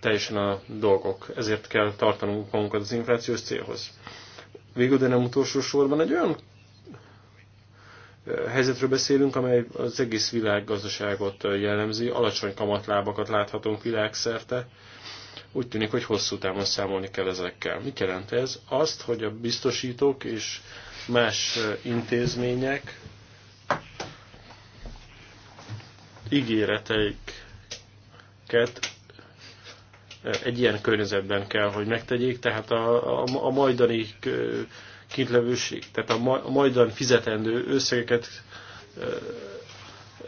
teljesen a dolgok. Ezért kell tartanunk magunkat az inflációs célhoz. Végül, de nem utolsó sorban egy olyan helyzetről beszélünk, amely az egész világgazdaságot jellemzi. Alacsony kamatlábakat láthatunk világszerte. Úgy tűnik, hogy hosszú távon számolni kell ezekkel. Mit jelent ez? Azt, hogy a biztosítók és más intézmények ígéreteiket egy ilyen környezetben kell, hogy megtegyék, tehát a, a, a majdani kintlevőség, tehát a, ma, a majdan fizetendő összegeket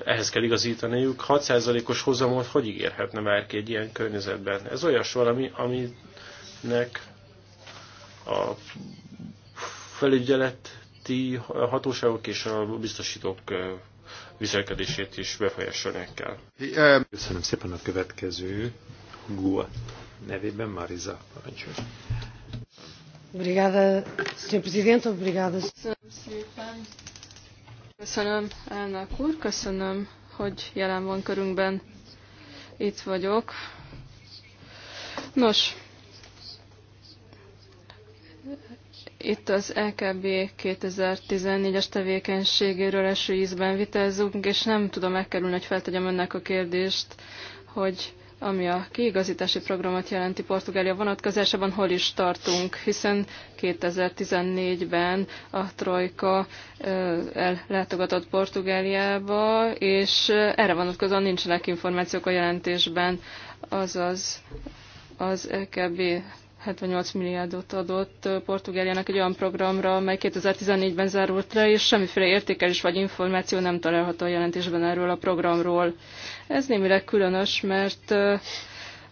ehhez kell igazítaniuk. 6%-os hozamot hogy ígérhetne bárki egy ilyen környezetben? Ez olyas valami, aminek a felügyeleti hatóságok és a biztosítók viselkedését is befolyásolni kell. Köszönöm szépen a következő GUA nevében Mariza parancsol. Obrigada, Sr. Presidente, obrigada. Köszönöm szépen. Köszönöm, elnök úr, köszönöm, hogy jelen van körünkben. Itt vagyok. Nos, itt az EKB 2014-es tevékenységéről eső ízben vitázunk, és nem tudom megkerülni, hogy feltegyem önnek a kérdést, hogy ami a kiigazítási programot jelenti Portugália vonatkozásában, hol is tartunk, hiszen 2014-ben a Trojka ellátogatott Portugáliába, és erre vonatkozóan nincsenek információk a jelentésben, azaz az EKB 78 milliárdot adott Portugáliának egy olyan programra, amely 2014-ben zárult le, és semmiféle értékelés vagy információ nem található a jelentésben erről a programról. Ez némileg különös, mert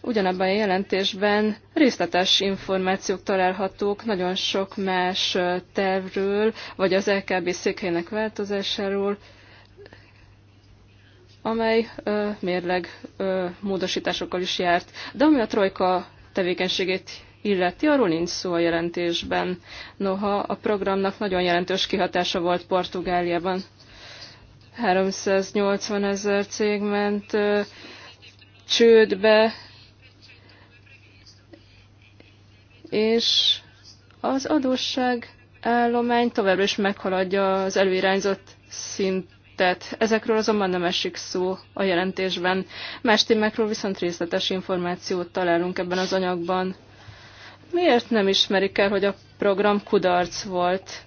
ugyanabban a jelentésben részletes információk találhatók nagyon sok más tervről, vagy az LKB székhelynek változásáról, amely ö, mérleg ö, módosításokkal is járt. De ami a trojka tevékenységét illeti, arról nincs szó a jelentésben. Noha a programnak nagyon jelentős kihatása volt Portugáliában. 380 ezer cég ment ö, csődbe, és az adósság állomány továbbra is meghaladja az előirányzott szintet. Ezekről azonban nem esik szó a jelentésben. Más témákról viszont részletes információt találunk ebben az anyagban. Miért nem ismerik el, hogy a program kudarc volt?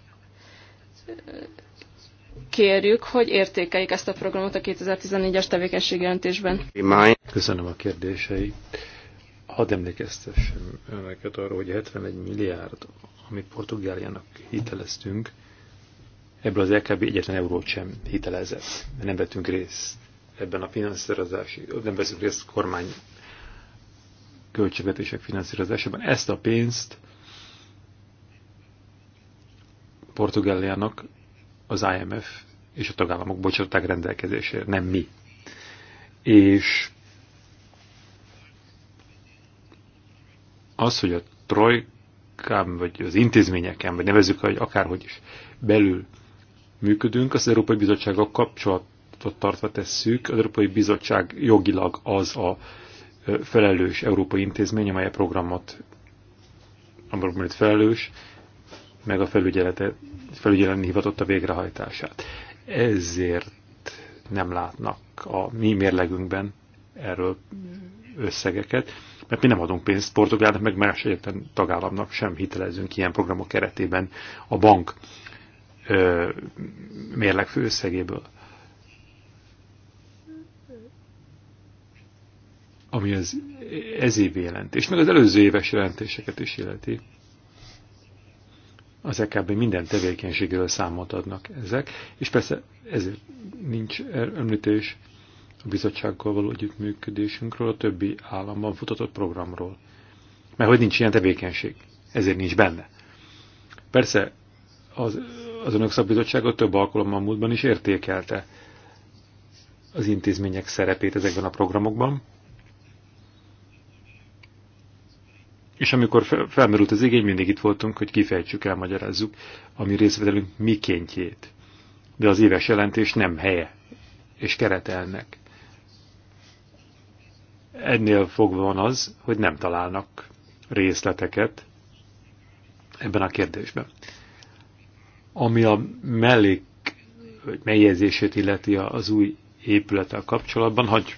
Kérjük, hogy értékeljék ezt a programot a 2014-es jelentésben. Köszönöm a kérdéseit. Hadd emlékeztessem önöket arra, hogy 71 milliárd, amit Portugáliának hiteleztünk, ebből az LKB egyetlen eurót sem hitelezett. Nem vettünk részt ebben a finanszírozási, nem veszünk részt kormány költségvetések finanszírozásában. Ezt a pénzt Portugáliának az IMF és a tagállamok bocsátották rendelkezésére, nem mi. És az, hogy a trojkám, vagy az intézményeken, vagy nevezük, hogy akárhogy is belül működünk, az Európai Bizottsággal kapcsolatot tartva tesszük. Az Európai Bizottság jogilag az a felelős európai intézmény, amely a programot, a programot felelős, meg a felügyeleti hivatott a végrehajtását. Ezért nem látnak a mi mérlegünkben erről összegeket, mert mi nem adunk pénzt Portugálnak, meg más egyetlen tagállamnak sem hitelezünk ilyen programok keretében a bank ö, mérleg ami az ez év jelentés, meg az előző éves jelentéseket is illeti. Az EKB minden tevékenységről számot adnak ezek, és persze ezért nincs említés a bizottsággal való együttműködésünkről, a többi államban futatott programról. Mert hogy nincs ilyen tevékenység, ezért nincs benne. Persze az, az önök szakbizottsága több alkalommal múltban is értékelte az intézmények szerepét ezekben a programokban, És amikor felmerült az igény, mindig itt voltunk, hogy kifejtsük, elmagyarázzuk a mi részvételünk mikéntjét. De az éves jelentés nem helye és keretelnek. Ennél fogva van az, hogy nem találnak részleteket ebben a kérdésben. Ami a mellék megjegyzését illeti az új épülettel kapcsolatban, hogy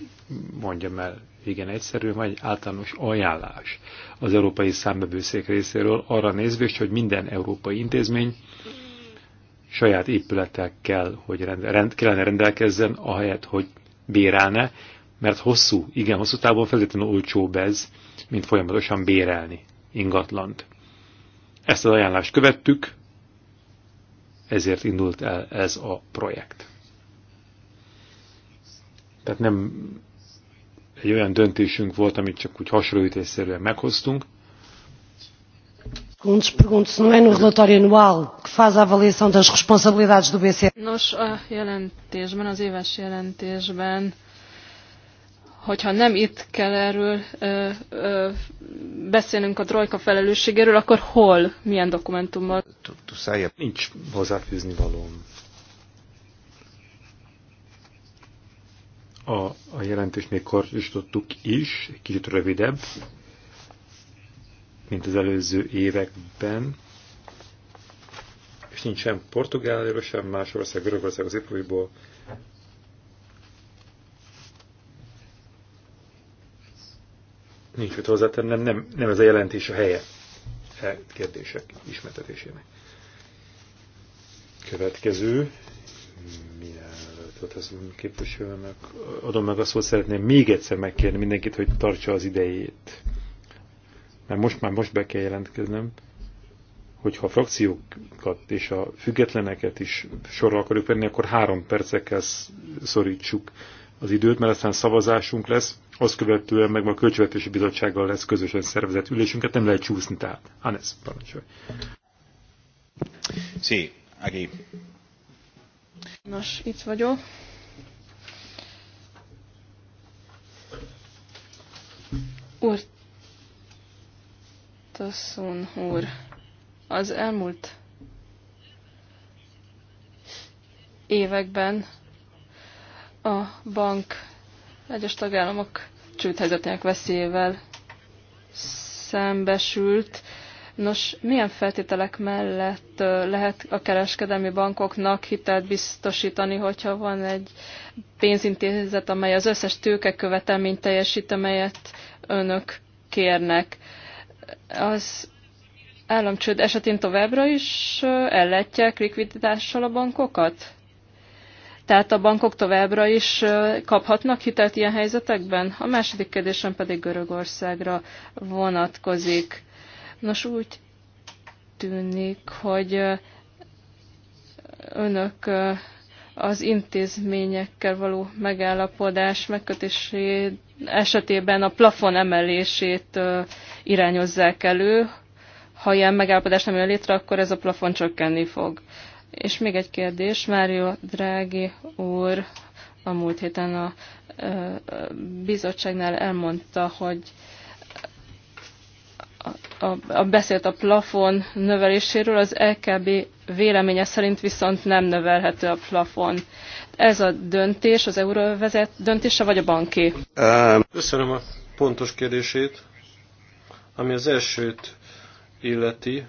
mondjam el igen egyszerű, van egy általános ajánlás az Európai Számbevőszék részéről arra nézve, hogy minden európai intézmény saját épületekkel hogy rend, rend, kellene rendelkezzen, ahelyett, hogy bérelne, mert hosszú, igen hosszú távon feltétlenül olcsóbb ez, mint folyamatosan bérelni ingatlant. Ezt az ajánlást követtük, ezért indult el ez a projekt. Tehát nem egy olyan döntésünk volt, amit csak úgy hasonlítésszerűen meghoztunk. E. Nos, a jelentésben, az éves jelentésben hogyha nem itt kell erről ö, ö, beszélnünk a trojka felelősségéről, akkor hol, milyen dokumentummal? Nincs hozzáfűzni valóm. A, a jelentést még is, egy kicsit rövidebb, mint az előző években. És nincs sem Portugáliáról, sem más ország, Görögország az Ipróiból. Nincs mit hozzátennem, nem, nem ez a jelentés a helye e kérdések ismertetésének. Következő, milyen az úr képviselőnek adom meg a szót, szeretném még egyszer megkérni mindenkit, hogy tartsa az idejét. Mert most már most be kell jelentkeznem, hogyha a frakciókat és a függetleneket is sorra akarjuk venni, akkor három percekkel szorítsuk az időt, mert aztán szavazásunk lesz, azt követően meg a Költségvetési Bizottsággal lesz közösen szervezett ülésünket, nem lehet csúszni tehát. Hannes, parancsolj. Sí, aquí. Nos, itt vagyok. Úr, Tasson úr, az elmúlt években a bank egyes tagállamok csődhelyzetének veszélyével szembesült, Nos, milyen feltételek mellett lehet a kereskedelmi bankoknak hitelt biztosítani, hogyha van egy pénzintézet, amely az összes tőkekövetelményt teljesít, amelyet önök kérnek? Az államcsőd esetén továbbra is elletják likviditással a bankokat? Tehát a bankok továbbra is kaphatnak hitelt ilyen helyzetekben? A második kérdésem pedig Görögországra vonatkozik Nos, úgy tűnik, hogy önök az intézményekkel való megállapodás megkötésé esetében a plafon emelését irányozzák elő. Ha ilyen megállapodás nem jön létre, akkor ez a plafon csökkenni fog. És még egy kérdés, Mário Drági úr a múlt héten a bizottságnál elmondta, hogy a, a beszélt a plafon növeléséről, az LKB véleménye szerint viszont nem növelhető a plafon. Ez a döntés, az euróvezet döntése, vagy a banki? Köszönöm a pontos kérdését. Ami az elsőt illeti,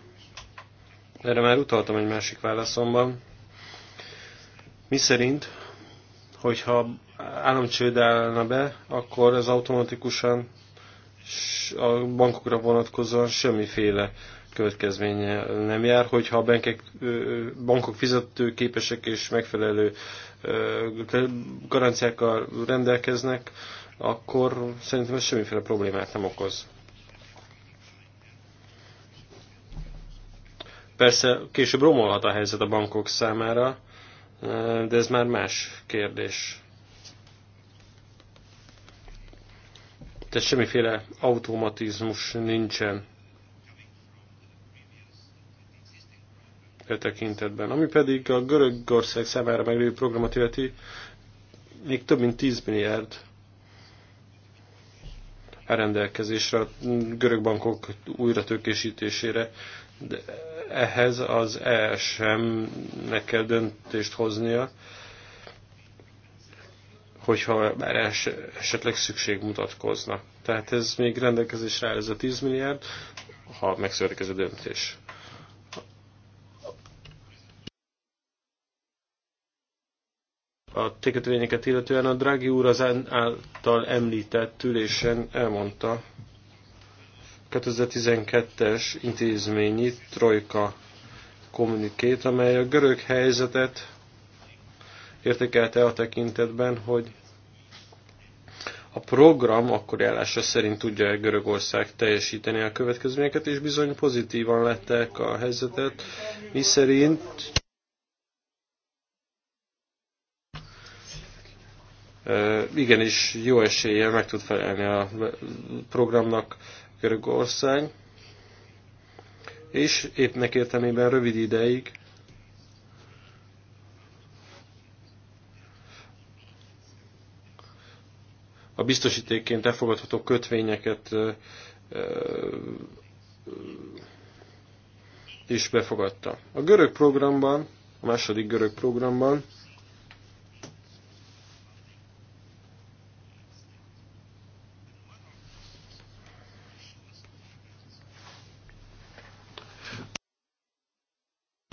erre már utaltam egy másik válaszomban, mi szerint, hogyha államcsőd állna be, akkor ez automatikusan a bankokra vonatkozóan semmiféle következménye nem jár, hogyha a bankek, bankok fizetőképesek és megfelelő garanciákkal rendelkeznek, akkor szerintem ez semmiféle problémát nem okoz. Persze később romolhat a helyzet a bankok számára, de ez már más kérdés. Tehát semmiféle automatizmus nincsen e tekintetben. Ami pedig a Görögország számára meglévő programot illeti, még több mint 10 milliárd a rendelkezésre a görög bankok tökésítésére, de ehhez az ESM-nek kell döntést hoznia, hogyha már esetleg szükség mutatkozna. Tehát ez még rendelkezésre áll ez a 10 milliárd, ha megszületik ez a döntés. A tékötvényeket illetően a Draghi úr az által említett ülésen elmondta, 2012-es intézményi trojka kommunikét, amely a görög helyzetet értékelte a tekintetben, hogy a program akkor állása szerint tudja Görögország teljesíteni a következményeket, és bizony pozitívan lettek a helyzetet, miszerint igenis jó eséllyel meg tud felelni a programnak Görögország, és épp értelmében rövid ideig a biztosítékként elfogadható kötvényeket is befogadta. A görög programban, a második görög programban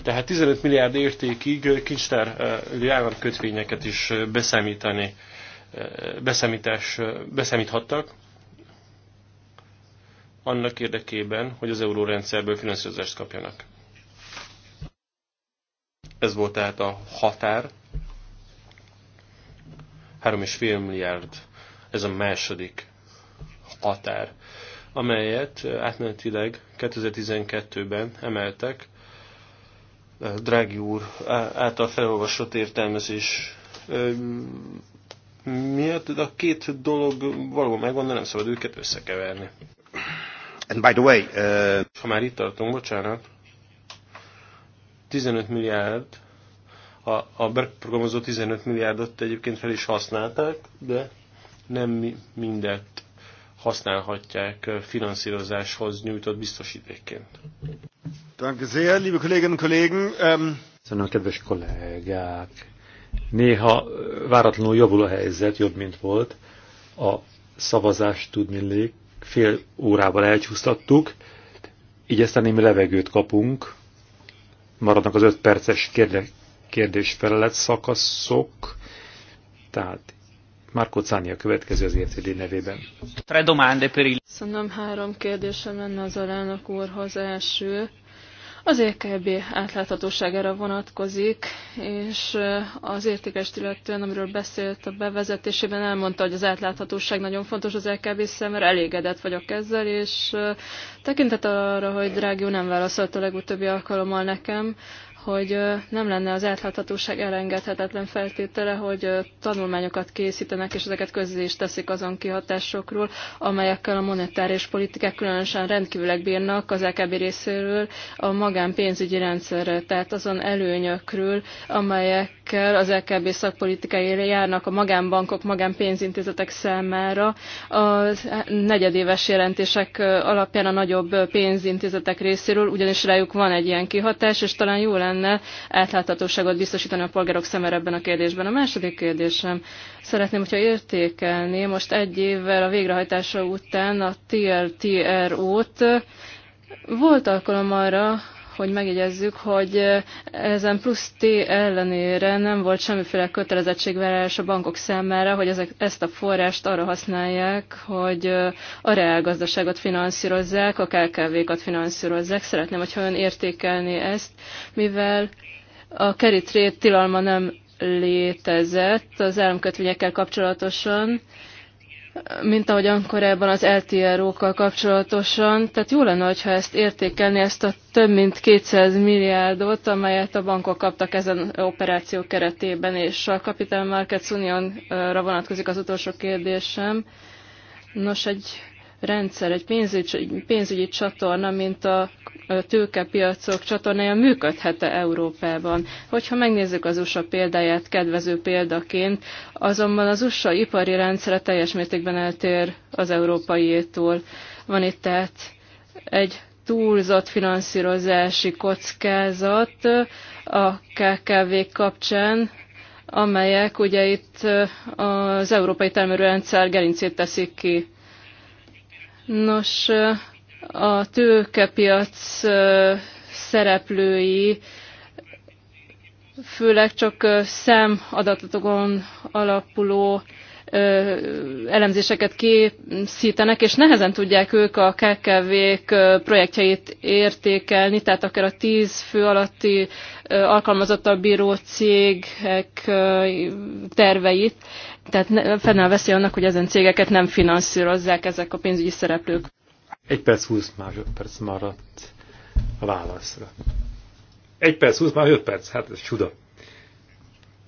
Tehát 15 milliárd értékig kincstár államkötvényeket is beszámítani beszemítás, beszemíthattak annak érdekében, hogy az eurórendszerből finanszírozást kapjanak. Ez volt tehát a határ. 3,5 milliárd, ez a második határ, amelyet átmenetileg 2012-ben emeltek Drági úr által felolvasott értelmezés miatt, de a két dolog valóban megvan, de nem szabad őket összekeverni. And by the way, uh... Ha már itt tartunk, bocsánat, 15 milliárd, a, a beprogramozó 15 milliárdot egyébként fel is használták, de nem mindet használhatják finanszírozáshoz nyújtott biztosítékként. Danke sehr, liebe Kolleginnen und Kollegen. Ähm, Köszönöm, kedves kollégák! Néha váratlanul javul a helyzet, jobb, mint volt. A szavazást tudni fél órával elcsúsztattuk, így aztán némi levegőt kapunk. Maradnak az öt perces kérde kérdés-felelet szakaszok. Tehát Márko Cáni a következő az ECD nevében. Szerintem három kérdésem lenne az alának úrhoz első. Az EKB átláthatóságára vonatkozik, és eh, az értékes illetően, amiről beszélt a bevezetésében, elmondta, hogy az átláthatóság nagyon fontos az EKB számára, elégedett vagyok ezzel, és eh, tekintet arra, hogy Drágió nem válaszolt a legutóbbi alkalommal nekem, hogy nem lenne az átláthatóság elengedhetetlen feltétele, hogy tanulmányokat készítenek, és ezeket közé is teszik azon kihatásokról, amelyekkel a monetáris politikák különösen rendkívüleg bírnak az LKB e részéről a magánpénzügyi rendszerre, tehát azon előnyökről, amelyek ezekkel az LKB szakpolitikájára járnak a magánbankok, magánpénzintézetek számára. A negyedéves jelentések alapján a nagyobb pénzintézetek részéről, ugyanis rájuk van egy ilyen kihatás, és talán jó lenne átláthatóságot biztosítani a polgárok szemére ebben a kérdésben. A második kérdésem, szeretném, hogyha értékelni most egy évvel a végrehajtása után a TLTRO-t, volt alkalom arra, hogy megjegyezzük, hogy ezen plusz T ellenére nem volt semmiféle kötelezettségvállalás a bankok számára, hogy ezek, ezt a forrást arra használják, hogy a reálgazdaságot finanszírozzák, a KKV-kat finanszírozzák. Szeretném, hogyha ön értékelni ezt, mivel a keritrét tilalma nem létezett az államkötvényekkel kapcsolatosan, mint ahogyan korábban az LTRO-kkal kapcsolatosan. Tehát jó lenne, hogyha ezt értékelni, ezt a több mint 200 milliárdot, amelyet a bankok kaptak ezen operáció keretében, és a Capital Markets Unionra vonatkozik az utolsó kérdésem. Nos, egy rendszer, egy pénzügyi, pénzügyi csatorna, mint a tőkepiacok csatornája működhet-e Európában. Hogyha megnézzük az USA példáját kedvező példaként, azonban az USA ipari rendszere teljes mértékben eltér az európaiétól. Van itt tehát egy túlzott finanszírozási kockázat a KKV kapcsán, amelyek ugye itt az európai termelőrendszer gerincét teszik ki. Nos, a tőkepiac szereplői főleg csak szemadatokon alapuló elemzéseket készítenek, és nehezen tudják ők a kkv projektjeit értékelni, tehát akár a tíz fő alatti alkalmazottabb bíró cégek terveit. Tehát fennáll veszély annak, hogy ezen cégeket nem finanszírozzák ezek a pénzügyi szereplők. Egy perc 20 másodperc maradt a válaszra. Egy perc 20 már perc, hát ez csuda.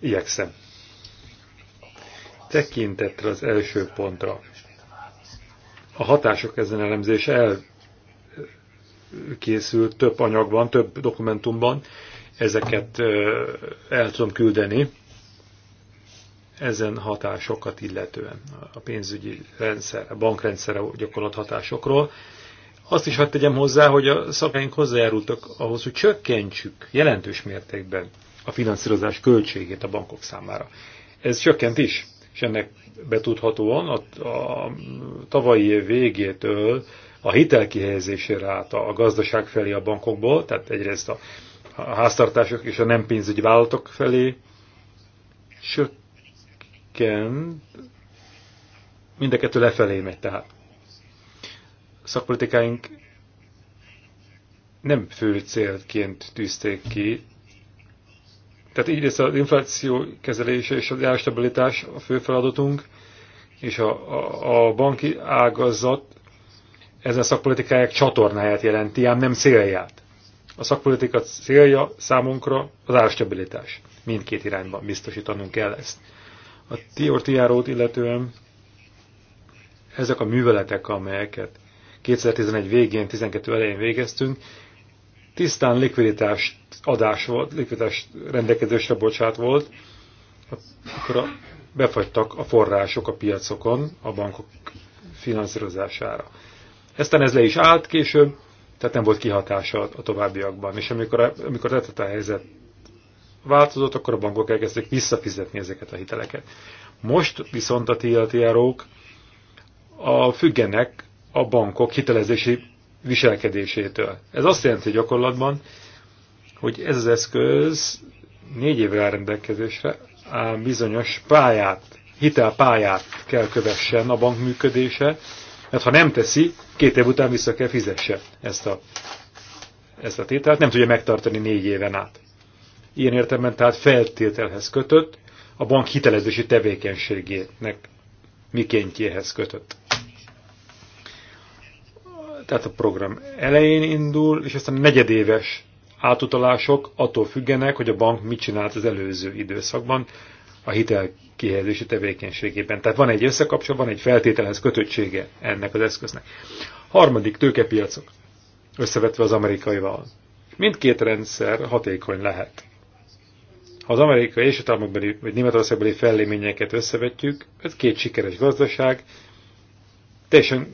Igyekszem. Tekintetre az első pontra. A hatások ezen elemzése elkészült több anyagban, több dokumentumban. Ezeket el tudom küldeni ezen hatásokat illetően, a pénzügyi rendszer, a bankrendszerre gyakorolt hatásokról. Azt is hadd tegyem hozzá, hogy a szakaink hozzájárultak ahhoz, hogy csökkentsük jelentős mértékben a finanszírozás költségét a bankok számára. Ez csökkent is, és ennek betudhatóan a, a tavalyi év végétől a hitel kihelyezésére állt a gazdaság felé a bankokból, tehát egyrészt a, a háztartások és a nem pénzügyi vállalatok felé csökkent csökkent, mind a kettő lefelé megy tehát. A szakpolitikáink nem fő célként tűzték ki, tehát így lesz az infláció kezelése és az elstabilitás a fő feladatunk, és a, a, a banki ágazat ezen szakpolitikáják csatornáját jelenti, ám nem célját. A szakpolitika célja számunkra az árstabilitás. Mindkét irányban biztosítanunk kell ezt. A tiortiárót illetően ezek a műveletek, amelyeket 2011 végén, 12 elején végeztünk, tisztán likviditás adás volt, likviditás rendelkezésre bocsát volt, akkor a, befagytak a források a piacokon a bankok finanszírozására. Eztán ez le is állt később, tehát nem volt kihatása a továbbiakban. És amikor, amikor letett a helyzet változott, akkor a bankok elkezdték visszafizetni ezeket a hiteleket. Most viszont a TLTRO-k a függenek a bankok hitelezési viselkedésétől. Ez azt jelenti gyakorlatban, hogy ez az eszköz négy évre áll rendelkezésre, ám bizonyos pályát, hitelpályát kell kövessen a bank működése, mert ha nem teszi, két év után vissza kell fizesse ezt a, ezt a tételt, nem tudja megtartani négy éven át ilyen értelemben tehát feltételhez kötött, a bank hitelezési tevékenységének mikéntjéhez kötött. Tehát a program elején indul, és aztán negyedéves átutalások attól függenek, hogy a bank mit csinált az előző időszakban a hitel kihelyezési tevékenységében. Tehát van egy összekapcsolat, van egy feltételhez kötöttsége ennek az eszköznek. Harmadik, tőkepiacok, összevetve az amerikaival. Mindkét rendszer hatékony lehet. Ha az amerikai és a vagy németországbeli felléményeket összevetjük, ez két sikeres gazdaság, teljesen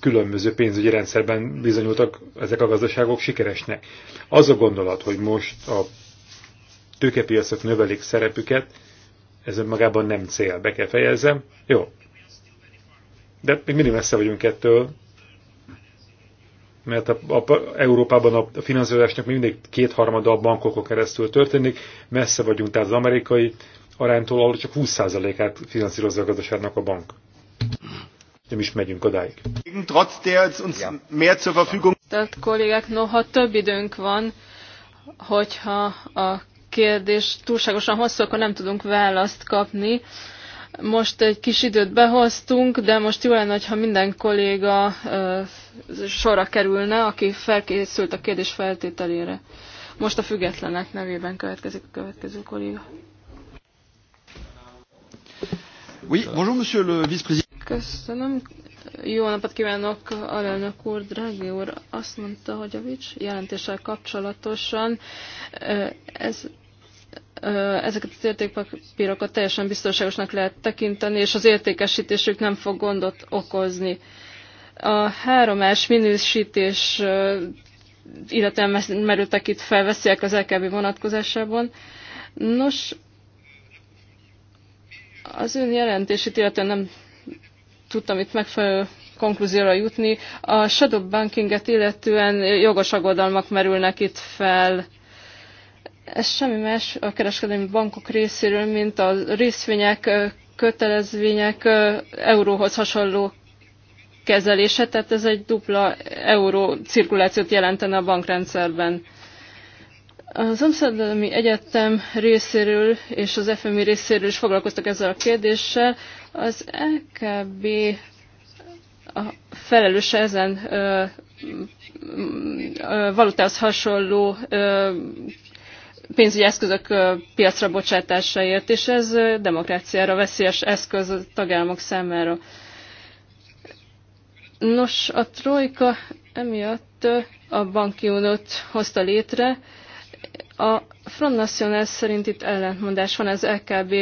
különböző pénzügyi rendszerben bizonyultak ezek a gazdaságok sikeresnek. Az a gondolat, hogy most a tőkepiacok növelik szerepüket, ez önmagában nem cél, be kell fejezzem. Jó. De még mindig messze vagyunk ettől, mert a, a, Európában a finanszírozásnak mindig kétharmada a bankokon keresztül történik, messze vagyunk tehát az amerikai aránytól, ahol csak 20%-át finanszírozza a gazdaságnak a bank. Nem is megyünk odáig. Tehát kollégák, noha több időnk van, hogyha a kérdés túlságosan hosszú, akkor nem tudunk választ kapni. Most egy kis időt behoztunk, de most jó lenne, ha minden kolléga sorra kerülne, aki felkészült a kérdés feltételére. Most a függetlenek nevében következik a következő kolléga. Oui, bonjour, monsieur le vice-président. Köszönöm. Jó napot kívánok, alelnök úr, drági úr. Azt mondta, hogy a Vics jelentéssel kapcsolatosan ez ezeket az értékpapírokat teljesen biztonságosnak lehet tekinteni, és az értékesítésük nem fog gondot okozni. A 3S minősítés, illetve merültek itt fel az LKB vonatkozásában. Nos, az ön jelentését, illetve nem tudtam itt megfelelő konklúzióra jutni. A shadow bankinget illetően jogos aggodalmak merülnek itt fel ez semmi más a kereskedelmi bankok részéről, mint a részvények, kötelezvények euróhoz hasonló kezelése, tehát ez egy dupla euró cirkulációt jelentene a bankrendszerben. Az Amsterdami Egyetem részéről és az FMI részéről is foglalkoztak ezzel a kérdéssel. Az LKB a felelőse ezen ö, ö, valutához hasonló ö, pénzügyi eszközök piacra bocsátásáért, és ez demokráciára veszélyes eszköz a tagállamok számára. Nos, a trojka emiatt a banki unót hozta létre. A Front National szerint itt ellentmondás van az LKB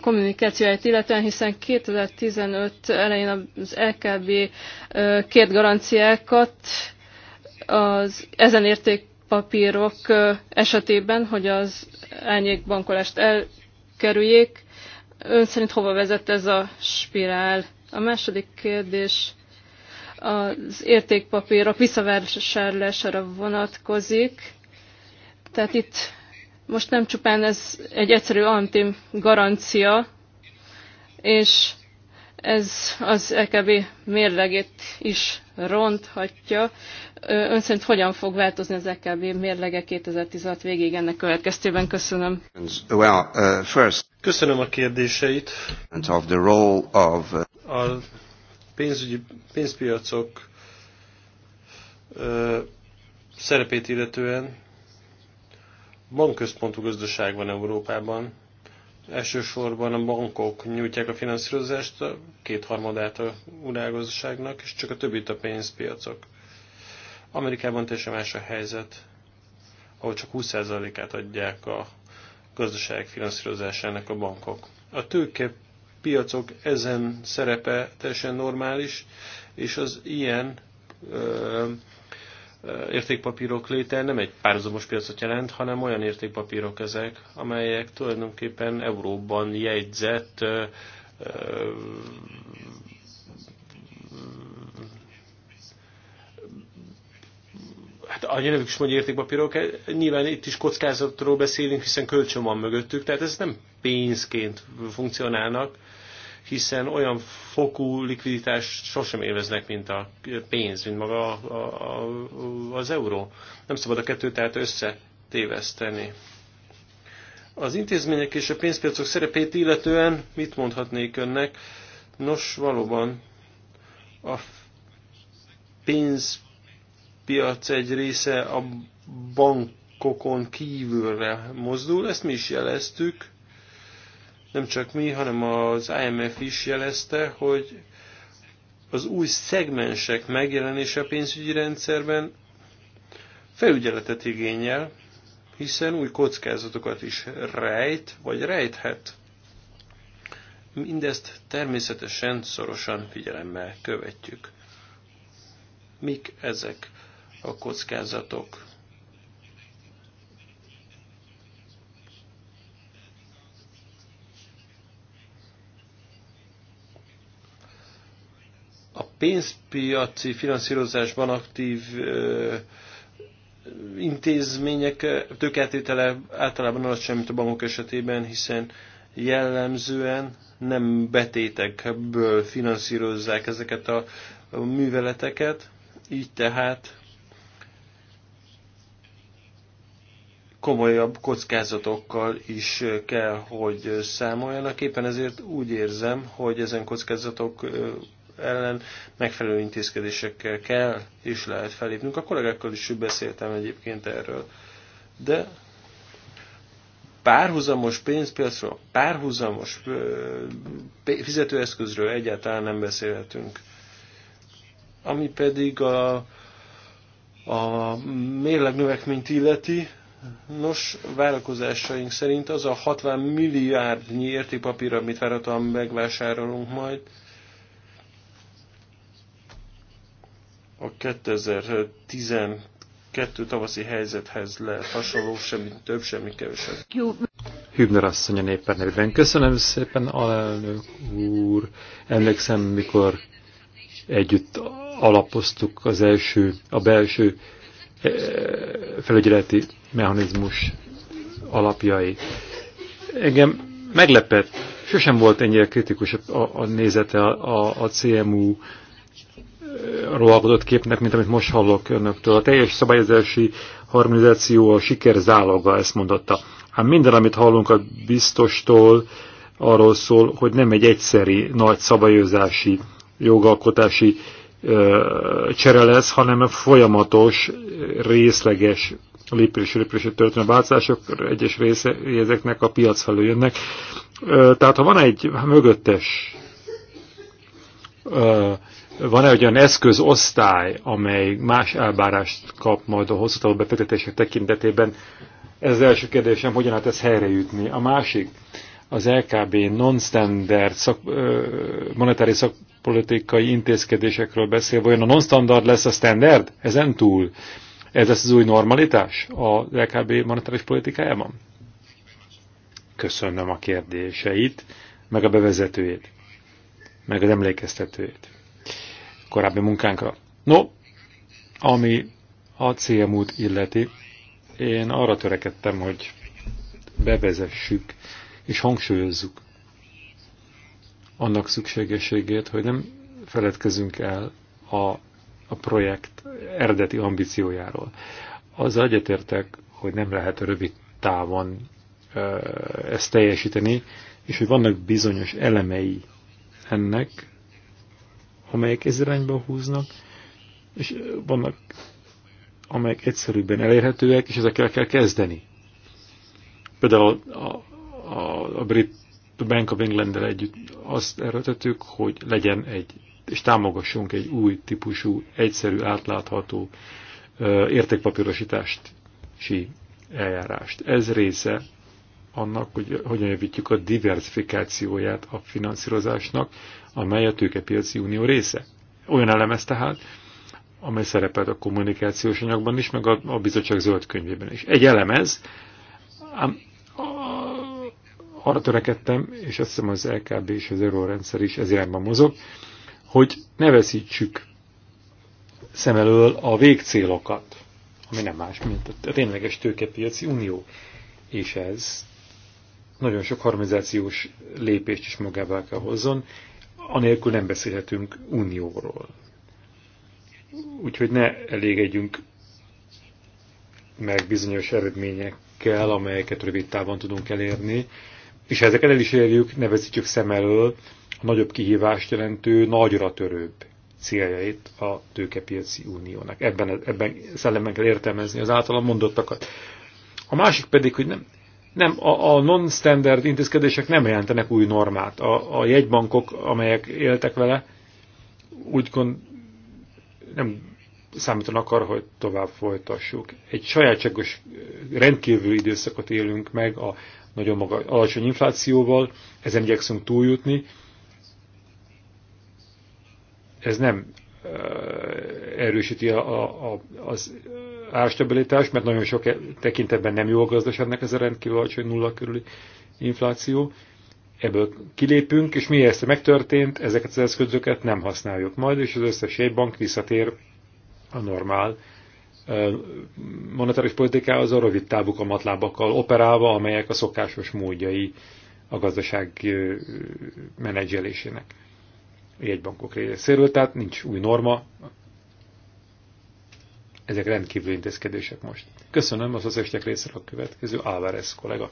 kommunikációját illetően, hiszen 2015 elején az LKB két garanciákat az ezen érték papírok esetében, hogy az elnyékbankolást elkerüljék. Ön szerint hova vezet ez a spirál? A második kérdés az értékpapírok visszavásárlására vonatkozik. Tehát itt most nem csupán ez egy egyszerű antim garancia, és ez az EKB mérlegét is ronthatja. Ön szerint hogyan fog változni az EKB mérlege 2016 végéig ennek következtében? Köszönöm. Well, uh, first, Köszönöm a kérdéseit. Of the role of, uh, a pénzügyi, pénzpiacok uh, szerepét illetően bankközpontú gazdaság van Európában, Elsősorban a bankok nyújtják a finanszírozást, a kétharmadát a világgazdaságnak, és csak a többit a pénzpiacok. Amerikában teljesen más a helyzet, ahol csak 20%-át adják a gazdaság finanszírozásának a bankok. A tőke piacok ezen szerepe teljesen normális, és az ilyen ö, értékpapírok léte nem egy párhuzamos piacot jelent, hanem olyan értékpapírok ezek, amelyek tulajdonképpen euróban jegyzett hát a nevük is mondja értékpapírok, e, nyilván itt is kockázatról beszélünk, hiszen kölcsön van mögöttük, tehát ez nem pénzként funkcionálnak, hiszen olyan fokú likviditást sosem éveznek, mint a pénz, mint maga a, a, az euró. Nem szabad a kettőt tehát összetéveszteni. Az intézmények és a pénzpiacok szerepét illetően mit mondhatnék önnek? Nos, valóban a pénzpiac egy része a bankokon kívülre mozdul, ezt mi is jeleztük, nem csak mi, hanem az IMF is jelezte, hogy az új szegmensek megjelenése a pénzügyi rendszerben felügyeletet igényel, hiszen új kockázatokat is rejt, vagy rejthet. Mindezt természetesen szorosan figyelemmel követjük. Mik ezek a kockázatok? pénzpiaci finanszírozásban aktív intézmények tökéletétele általában alacsony, mint a bankok esetében, hiszen jellemzően nem betétekből finanszírozzák ezeket a műveleteket, így tehát komolyabb kockázatokkal is kell, hogy számoljanak. Éppen ezért úgy érzem, hogy ezen kockázatok ellen megfelelő intézkedésekkel kell és lehet felépnünk. A kollégákkal is beszéltem egyébként erről. De párhuzamos pénzpiacról, párhuzamos fizetőeszközről egyáltalán nem beszélhetünk. Ami pedig a, a mérleg növekményt illeti, Nos, várakozásaink szerint az a 60 milliárdnyi értékpapír, amit várhatóan megvásárolunk majd, a 2012 tavaszi helyzethez lehet hasonló, semmi több, semmi kevesebb. Jó. Hübner asszony a néppárt nevében. Köszönöm szépen, alelnök úr. Emlékszem, mikor együtt alapoztuk az első, a belső eh, felügyeleti mechanizmus alapjai. Engem meglepett, sosem volt ennyire kritikus a, a nézete a, a, a CMU alkotott képnek, mint amit most hallok önöktől. A teljes szabályozási harmonizáció a siker záloga, ezt mondotta. Hát minden, amit hallunk a biztostól, arról szól, hogy nem egy egyszeri nagy szabályozási, jogalkotási ö, csere lesz, hanem a folyamatos, részleges lépésről lépésre történő változások egyes része ezeknek a piac felől jönnek. Ö, tehát ha van egy mögöttes ö, van-e olyan eszközosztály, amely más elbárást kap majd a hosszú távú befektetések tekintetében? Ez az első kérdésem, hogyan lehet ezt helyrejutni? A másik, az LKB non-standard szak, monetári szakpolitikai intézkedésekről beszél, vajon a non-standard lesz a standard? Ezen túl. Ez lesz az új normalitás a LKB monetáris politikájában? Köszönöm a kérdéseit, meg a bevezetőjét, meg az emlékeztetőjét korábbi munkánkra. No, ami a CMU-t illeti, én arra törekedtem, hogy bevezessük és hangsúlyozzuk annak szükségességét, hogy nem feledkezünk el a, a projekt eredeti ambíciójáról. Azzal egyetértek, hogy nem lehet rövid távon ezt teljesíteni, és hogy vannak bizonyos elemei ennek, amelyek ez irányba húznak, és vannak, amelyek egyszerűbben elérhetőek, és ezekkel kell kezdeni. Például a, a, a brit Bank of england együtt azt erőltettük, hogy legyen egy, és támogassunk egy új típusú, egyszerű, átlátható értékpapírosítási eljárást. Ez része annak, hogy hogyan javítjuk a diversifikációját a finanszírozásnak, amely a tőkepiaci unió része. Olyan elemez tehát, amely szerepelt a kommunikációs anyagban is, meg a, a bizottság zöld könyvében is. Egy elemez, ám arra törekedtem, és azt hiszem az LKB és az eurórendszer is ez irányban mozog, hogy ne veszítsük szem elől a végcélokat, ami nem más, mint a tényleges tőkepiaci unió. És ez nagyon sok harmonizációs lépést is magával kell hozzon, anélkül nem beszélhetünk unióról. Úgyhogy ne elégedjünk meg bizonyos eredményekkel, amelyeket rövid távon tudunk elérni, és ha ezeket el is érjük, nevezítjük szem elől a nagyobb kihívást jelentő, nagyra törőbb céljait a tőkepiaci uniónak. Ebben, ebben szellemben kell értelmezni az általam mondottakat. A másik pedig, hogy nem, nem, a, a non-standard intézkedések nem jelentenek új normát. A, a jegybankok, amelyek éltek vele, úgy gond, nem számítanak arra, hogy tovább folytassuk. Egy sajátságos rendkívül időszakot élünk meg a nagyon maga, alacsony inflációval, ezen igyekszünk túljutni. Ez nem erősíti a, a, a, az árstabilitás, mert nagyon sok e- tekintetben nem jó a gazdaságnak ez a rendkívül alacsony nulla körüli infláció. Ebből kilépünk, és mi ezt megtörtént, ezeket az eszközöket nem használjuk majd, és az összes bank visszatér a normál monetáris politikához a rövid távú kamatlábakkal operálva, amelyek a szokásos módjai a gazdaság menedzselésének Egy bankok részéről, tehát nincs új norma, ezek rendkívül intézkedések most. Köszönöm az összestek részre a következő Álvarez kollega.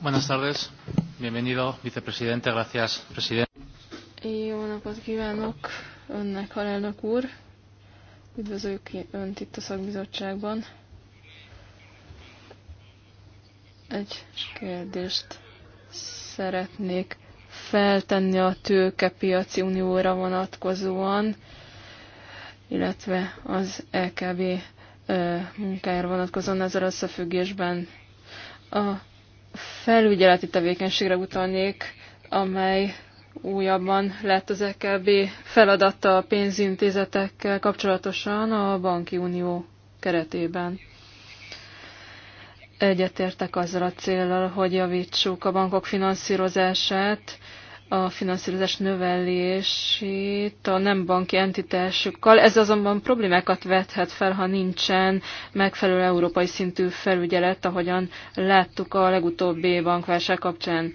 Buenas tardes. Bienvenido, vicepresidente. Gracias, presidente. Jó napot kívánok önnek, alelnök úr. Üdvözlök önt itt a szakbizottságban. Egy kérdést szeretnék feltenni a tőkepiaci unióra vonatkozóan, illetve az LKB e munkájára vonatkozóan ezzel összefüggésben a felügyeleti tevékenységre utalnék, amely újabban lett az EKB feladata a pénzintézetekkel kapcsolatosan a banki unió keretében. Egyetértek azzal a célral, hogy javítsuk a bankok finanszírozását, a finanszírozás növelését a nem banki entitásukkal. Ez azonban problémákat vethet fel, ha nincsen megfelelő európai szintű felügyelet, ahogyan láttuk a legutóbbi bankválság kapcsán.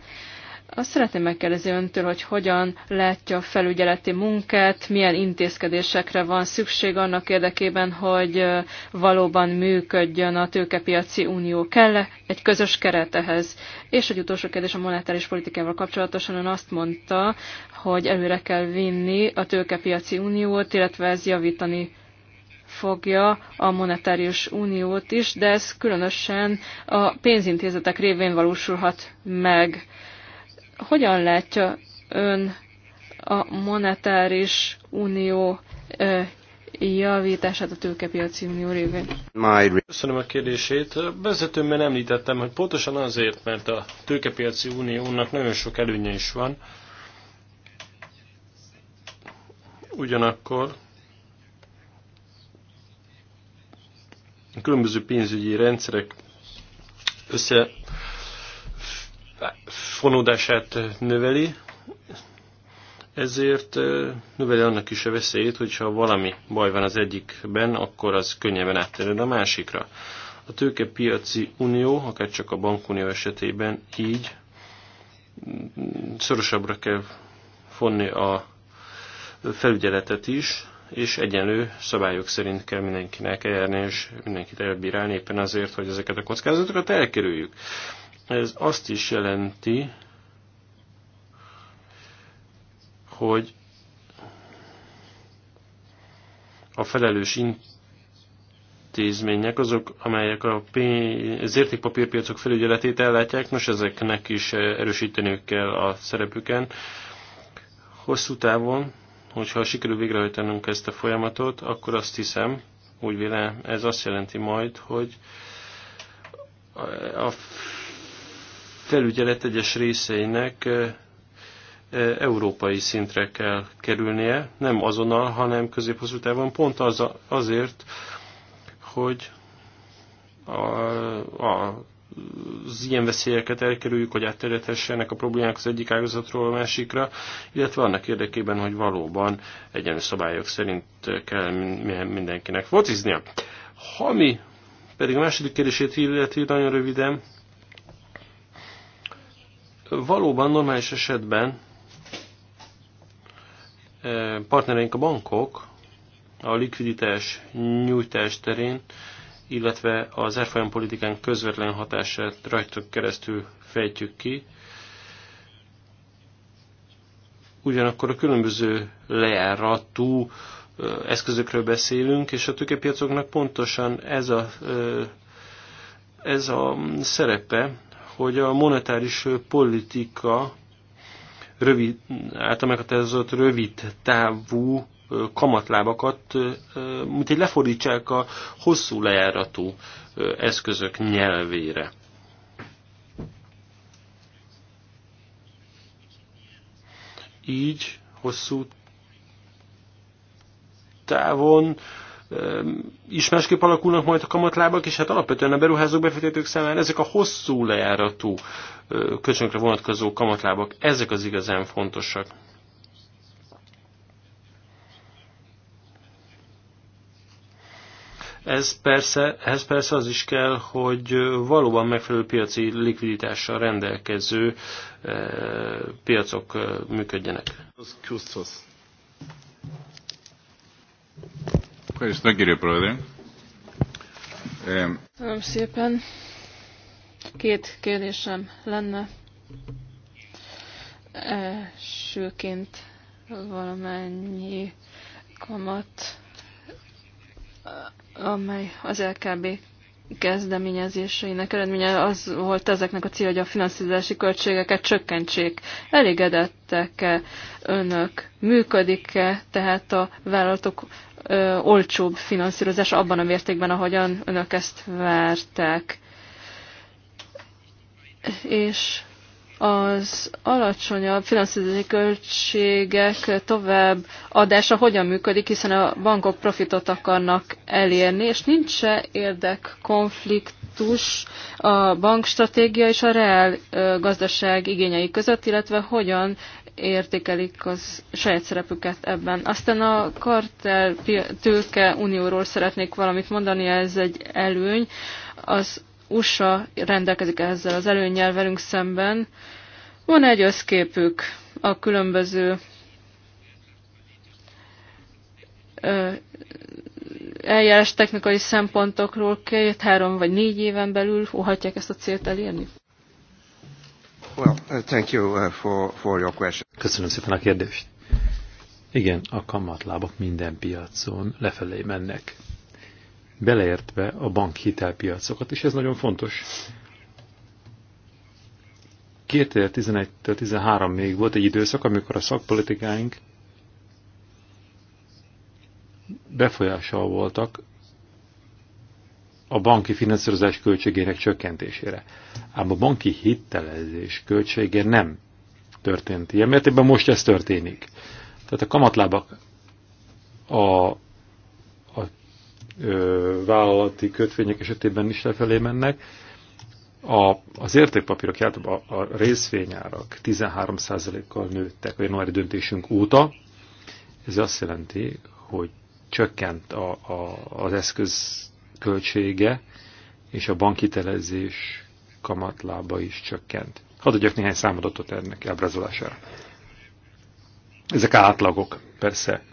Azt szeretném megkérdezni öntől, hogy hogyan látja a felügyeleti munkát, milyen intézkedésekre van szükség annak érdekében, hogy valóban működjön a tőkepiaci unió. kell -e egy közös keret ehhez? És egy utolsó kérdés a monetáris politikával kapcsolatosan ön azt mondta, hogy előre kell vinni a tőkepiaci uniót, illetve ez javítani fogja a monetárius uniót is, de ez különösen a pénzintézetek révén valósulhat meg hogyan látja ön a monetáris unió javítását a tőkepiaci unió révén? Köszönöm a kérdését. Vezetőmben említettem, hogy pontosan azért, mert a tőkepiaci uniónak nagyon sok előnye is van. Ugyanakkor a különböző pénzügyi rendszerek össze fonódását növeli, ezért növeli annak is a veszélyét, hogyha valami baj van az egyikben, akkor az könnyebben átterjed a másikra. A tőkepiaci unió, akár csak a bankunió esetében így szorosabbra kell fonni a felügyeletet is, és egyenlő szabályok szerint kell mindenkinek eljárni, és mindenkit elbírálni éppen azért, hogy ezeket a kockázatokat elkerüljük. Ez azt is jelenti, hogy a felelős intézmények azok, amelyek a pénz, az értékpapírpiacok felügyeletét ellátják, nos ezeknek is erősíteniük kell a szerepüken. Hosszú távon, hogyha sikerül végrehajtanunk ezt a folyamatot, akkor azt hiszem, úgy vélem, ez azt jelenti majd, hogy a felügyelet egyes részeinek eh, eh, európai szintre kell kerülnie, nem azonnal, hanem középhosszú távon, pont az, azért, hogy a, a, az ilyen veszélyeket elkerüljük, hogy átterjedhessenek a problémák az egyik ágazatról a másikra, illetve annak érdekében, hogy valóban egyenlő szabályok szerint kell mindenkinek fociznia. Ha mi pedig a második kérdését illeti nagyon röviden, Valóban normális esetben e, partnereink a bankok a likviditás nyújtás terén, illetve az árfolyam politikán közvetlen hatását rajtuk keresztül fejtjük ki. Ugyanakkor a különböző lejáratú e, eszközökről beszélünk, és a tőkepiacoknak pontosan ez a, e, ez a szerepe, hogy a monetáris politika rövid, által meghatározott rövid távú kamatlábakat, mint egy lefordítsák a hosszú lejáratú eszközök nyelvére. Így hosszú távon is másképp alakulnak majd a kamatlábak, és hát alapvetően a beruházók befektetők számára ezek a hosszú lejáratú kölcsönökre vonatkozó kamatlábak, ezek az igazán fontosak. Ez persze, ez persze az is kell, hogy valóban megfelelő piaci likviditással rendelkező piacok működjenek. Köszönöm. Köszönöm, kérje Pröde. Köszönöm szépen. Két kérdésem lenne. Elsőként valamennyi kamat, amely az LKB kezdeményezéseinek eredménye az volt ezeknek a cél, hogy a finanszírozási költségeket csökkentsék. Elégedettek-e önök? Működik-e tehát a vállalatok ö, olcsóbb finanszírozás abban a mértékben, ahogyan önök ezt várták. És az alacsonyabb finanszírozási költségek tovább adása hogyan működik, hiszen a bankok profitot akarnak elérni, és nincs -e érdekkonfliktus a bankstratégia és a reál gazdaság igényei között, illetve hogyan értékelik az saját szerepüket ebben. Aztán a kartel tőke unióról szeretnék valamit mondani, ez egy előny. Az USA rendelkezik ezzel az előnyel velünk szemben. Van egy összképük a különböző eljárás technikai szempontokról két, három vagy négy éven belül óhatják ezt a célt elérni? Uh, uh, Köszönöm szépen a kérdést. Igen, a kamatlábak minden piacon lefelé mennek. Beleértve a bankhitelpiacokat, és ez nagyon fontos. 2011-13 még volt egy időszak, amikor a szakpolitikáink befolyással voltak a banki finanszírozás költségének csökkentésére. Ám a banki hitelezés költsége nem történt ilyen mértékben, most ez történik. Tehát a kamatlábak a, a ö, vállalati kötvények esetében is lefelé mennek, a, az értékpapírok, a, a részvényárak 13%-kal nőttek a januári döntésünk óta. Ez azt jelenti, hogy csökkent a, a, az eszköz költsége és a bankitelezés kamatlába is csökkent. Hadd adjak néhány számadatot ennek ábrázolására. Ezek átlagok, persze.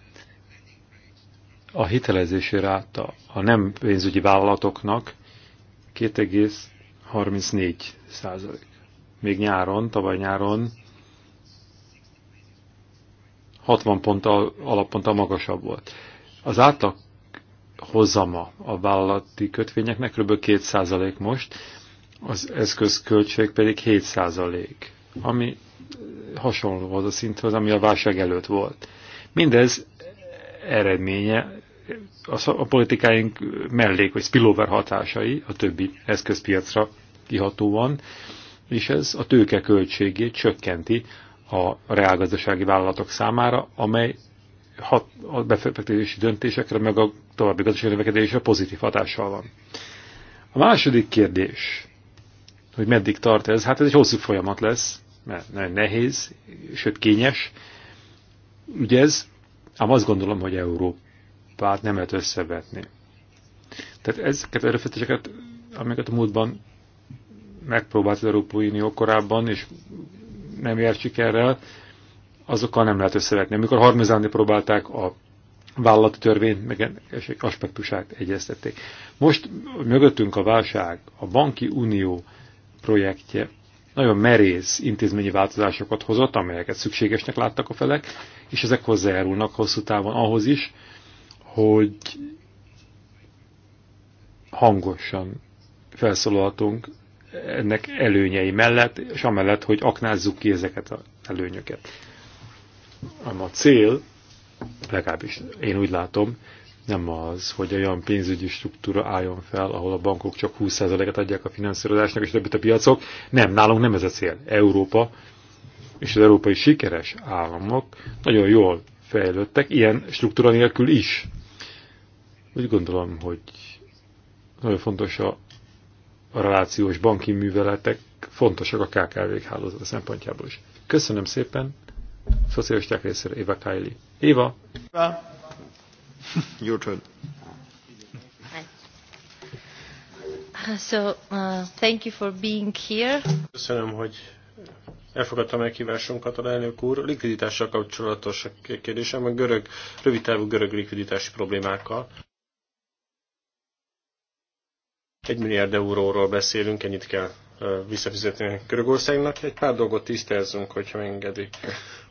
A hitelezési ráta a nem pénzügyi vállalatoknak 2,34 százalék. Még nyáron, tavaly nyáron 60 pont alappont magasabb volt. Az átlag hozama a vállalati kötvényeknek, kb. 2% most, az eszközköltség pedig 7%, ami hasonló az a szinthez, ami a válság előtt volt. Mindez eredménye a politikáink mellék, vagy spillover hatásai a többi eszközpiacra kihatóan, és ez a tőke költségét csökkenti a reálgazdasági vállalatok számára, amely hat, a befektetési döntésekre, meg a további gazdasági növekedésre pozitív hatással van. A második kérdés, hogy meddig tart ez, hát ez egy hosszú folyamat lesz, mert nagyon nehéz, sőt kényes. Ugye ez, ám azt gondolom, hogy Európát nem lehet összevetni. Tehát ezeket a erőfeszítéseket, amiket a múltban megpróbált az Európai Unió korábban, és nem járt sikerrel, azokkal nem lehet összevetni. Amikor harmonizálni próbálták a vállalati törvényt, meg egy aspektusát egyeztették. Most mögöttünk a válság, a Banki Unió projektje nagyon merész intézményi változásokat hozott, amelyeket szükségesnek láttak a felek, és ezek hozzájárulnak hosszú távon ahhoz is, hogy hangosan felszólaltunk ennek előnyei mellett, és amellett, hogy aknázzuk ki ezeket az előnyöket. Ám a cél, legalábbis én úgy látom, nem az, hogy olyan pénzügyi struktúra álljon fel, ahol a bankok csak 20%-et adják a finanszírozásnak, és többit a piacok. Nem, nálunk nem ez a cél. Európa és az európai sikeres államok nagyon jól fejlődtek, ilyen struktúra nélkül is. Úgy gondolom, hogy nagyon fontos a, a relációs banki műveletek, fontosak a KKV-k hálózata szempontjából is. Köszönöm szépen, Szocialisták részéről Éva Kylie. Éva! Your turn. So, uh, thank you for being here. Köszönöm, hogy elfogadta meghívásunkat a elnök úr. Likviditással kapcsolatos a kérdésem, a görög, rövidtávú görög likviditási problémákkal. Egy milliárd euróról beszélünk, ennyit kell visszafizetni Görögországnak. Egy pár dolgot tisztázzunk, hogyha engedik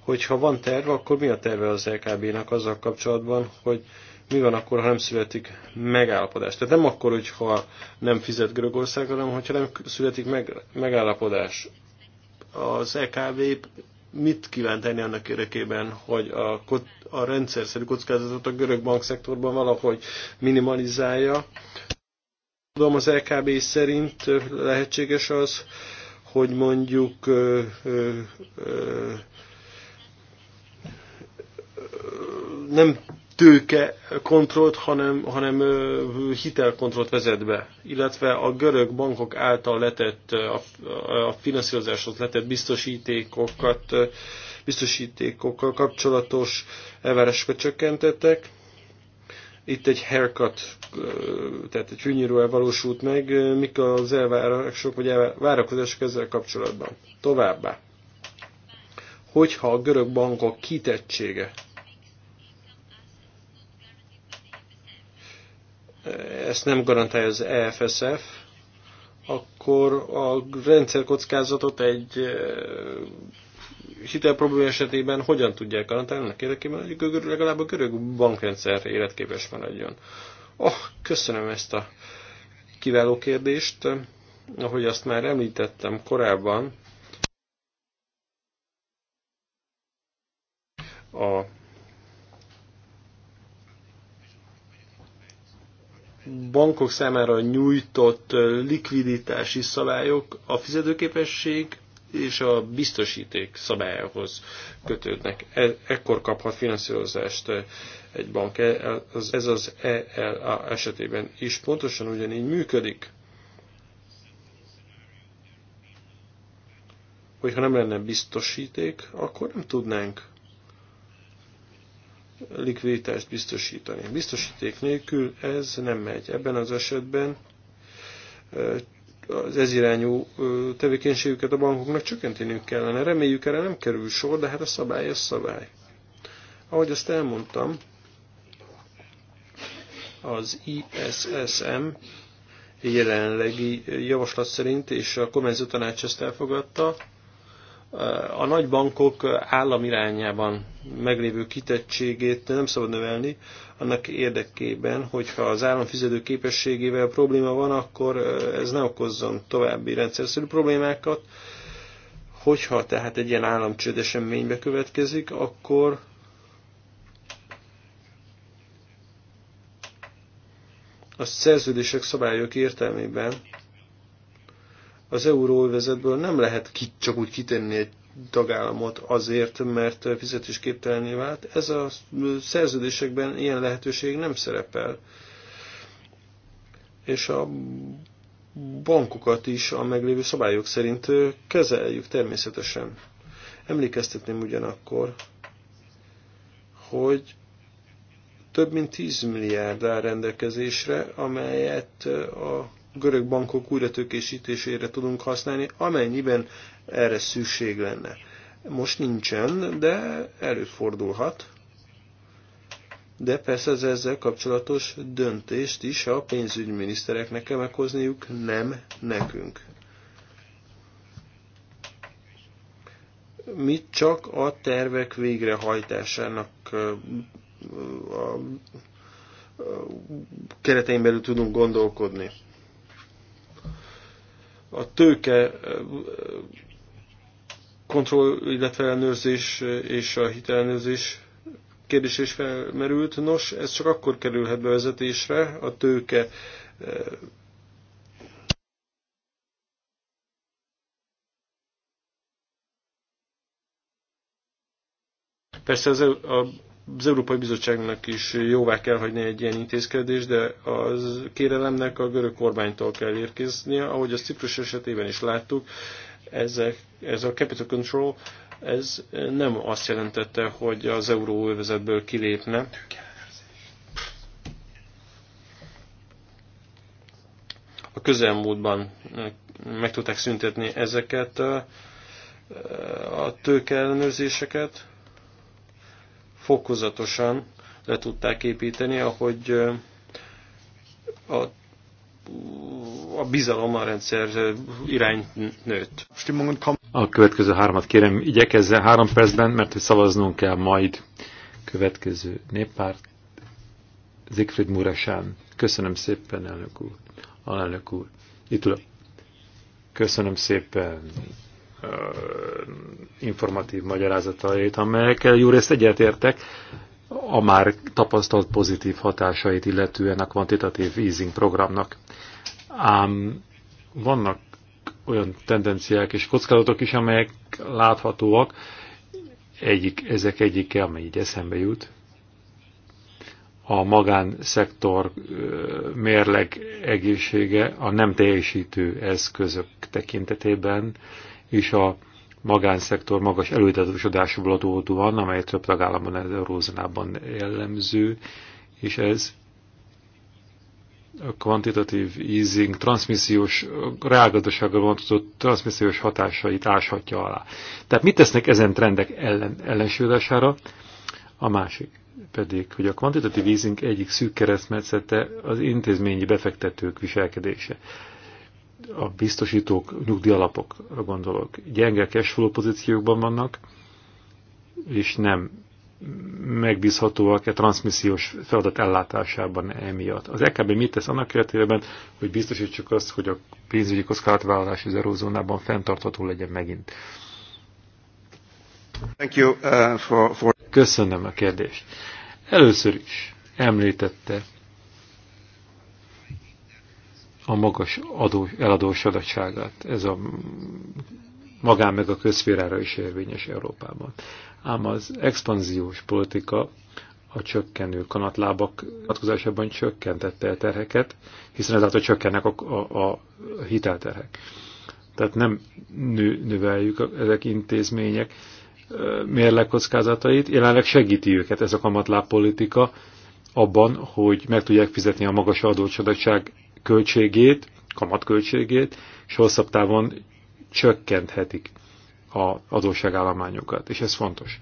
hogyha van terv, akkor mi a terve az LKB-nak e azzal kapcsolatban, hogy mi van akkor, ha nem születik megállapodás? Tehát nem akkor, hogyha nem fizet Görögország, hanem hogyha nem születik meg, megállapodás. Az LKB e mit kíván tenni annak érdekében, hogy a, a rendszerszerű kockázatot a görög bankszektorban valahogy minimalizálja? Tudom, az LKB e szerint lehetséges az, hogy mondjuk ö, ö, ö, nem tőke kontrollt, hanem, hanem hitelkontrollt vezet be, illetve a görög bankok által letett, a, a finanszírozáshoz letett biztosítékokat, biztosítékokkal kapcsolatos elvárásokat csökkentettek. Itt egy haircut, tehát egy hűnyíró elvalósult meg, mik az elvárások vagy várakozások ezzel kapcsolatban. Továbbá, hogyha a görög bankok kitettsége ezt nem garantálja az EFSF, akkor a rendszerkockázatot egy hitelproblém esetében hogyan tudják garantálni annak érdekében, hogy legalább a görög bankrendszer életképes maradjon. Oh, köszönöm ezt a kiváló kérdést. Ahogy azt már említettem korábban, a bankok számára nyújtott likviditási szabályok a fizetőképesség és a biztosíték szabályokhoz kötődnek. E, ekkor kaphat finanszírozást egy bank. E, ez az ELA esetében is pontosan ugyanígy működik. Hogyha nem lenne biztosíték, akkor nem tudnánk likviditást biztosítani. Biztosíték nélkül ez nem megy. Ebben az esetben az ezirányú tevékenységüket a bankoknak csökkenteniük kellene. Reméljük erre nem kerül sor, de hát a szabály, a szabály. Ahogy azt elmondtam, az ISSM jelenlegi javaslat szerint, és a kormányzó tanács ezt elfogadta, a nagy bankok állam irányában meglévő kitettségét nem szabad növelni, annak érdekében, hogyha az állam fizető képességével probléma van, akkor ez ne okozzon további rendszerszerű problémákat. Hogyha tehát egy ilyen államcsőd eseménybe következik, akkor a szerződések szabályok értelmében az euróövezetből nem lehet ki, csak úgy kitenni egy tagállamot azért, mert fizetésképtelené vált. Ez a szerződésekben ilyen lehetőség nem szerepel. És a bankokat is a meglévő szabályok szerint kezeljük természetesen. Emlékeztetném ugyanakkor, hogy több mint 10 milliárd áll rendelkezésre, amelyet a görög bankok újratőkésítésére tudunk használni, amennyiben erre szükség lenne. Most nincsen, de előfordulhat. De persze az ezzel kapcsolatos döntést is a pénzügyminisztereknek kell meghozniuk, nem nekünk. Mi csak a tervek végrehajtásának a keretein belül tudunk gondolkodni a tőke eh, kontroll, illetve ellenőrzés eh, és a hitelellenőrzés kérdés is felmerült. Nos, ez csak akkor kerülhet bevezetésre, a tőke eh, Persze az, a az Európai Bizottságnak is jóvá kell hagyni egy ilyen intézkedés, de az kérelemnek a görög kormánytól kell érkeznie, ahogy a Ciprus esetében is láttuk, ezek, ez a capital control ez nem azt jelentette, hogy az euróövezetből kilépne. A közelmúltban eh, meg tudták szüntetni ezeket eh, a tőkeellenőrzéseket, fokozatosan le tudták építeni, ahogy a, a bizalom a rendszer irány nőtt. A következő háromat kérem, igyekezzen három percben, mert hogy szavaznunk kell majd következő néppárt. Zigfried Muresán. Köszönöm szépen, elnök úr. Alelnök úr. Itt Köszönöm szépen informatív magyarázatait, amelyekkel részt egyetértek a már tapasztalt pozitív hatásait illetően a kvantitatív easing programnak. Ám vannak olyan tendenciák és kockázatok is, amelyek láthatóak. Egyik, ezek egyike, amely így eszembe jut, a magánszektor mérleg egészsége a nem teljesítő eszközök tekintetében és a magánszektor magas előtetősödásból adódóan, amely több tagállamban, eurózanában jellemző, és ez a kvantitatív easing transmissziós, reálgazdasággal vonatkozott transmissziós hatásait áshatja alá. Tehát mit tesznek ezen trendek ellen, ellensúlyozására? A másik pedig, hogy a kvantitatív easing egyik szűk keresztmetszete az intézményi befektetők viselkedése a biztosítók, nyugdíjalapokra gondolok, gyenge cashflow pozíciókban vannak, és nem megbízhatóak a e transmissziós feladat ellátásában emiatt. Az EKB mit tesz annak keretében, hogy biztosítsuk azt, hogy a pénzügyi kockázatvállalás az eurózónában fenntartható legyen megint? Thank you, uh, for, for... Köszönöm a kérdést. Először is említette a magas adó, eladósodottságát. Ez a magán meg a közférára is érvényes Európában. Ám az expanziós politika a csökkenő kanatlábak vonatkozásában csökkentette a terheket, hiszen ezáltal csökkennek a, a, a hitelterhek. Tehát nem nő, növeljük a, ezek intézmények mérlekockázatait, jelenleg segíti őket ez a kamatláb politika abban, hogy meg tudják fizetni a magas adócsadagság költségét, kamatköltségét, és hosszabb távon csökkenthetik az adósságállományokat, és ez fontos.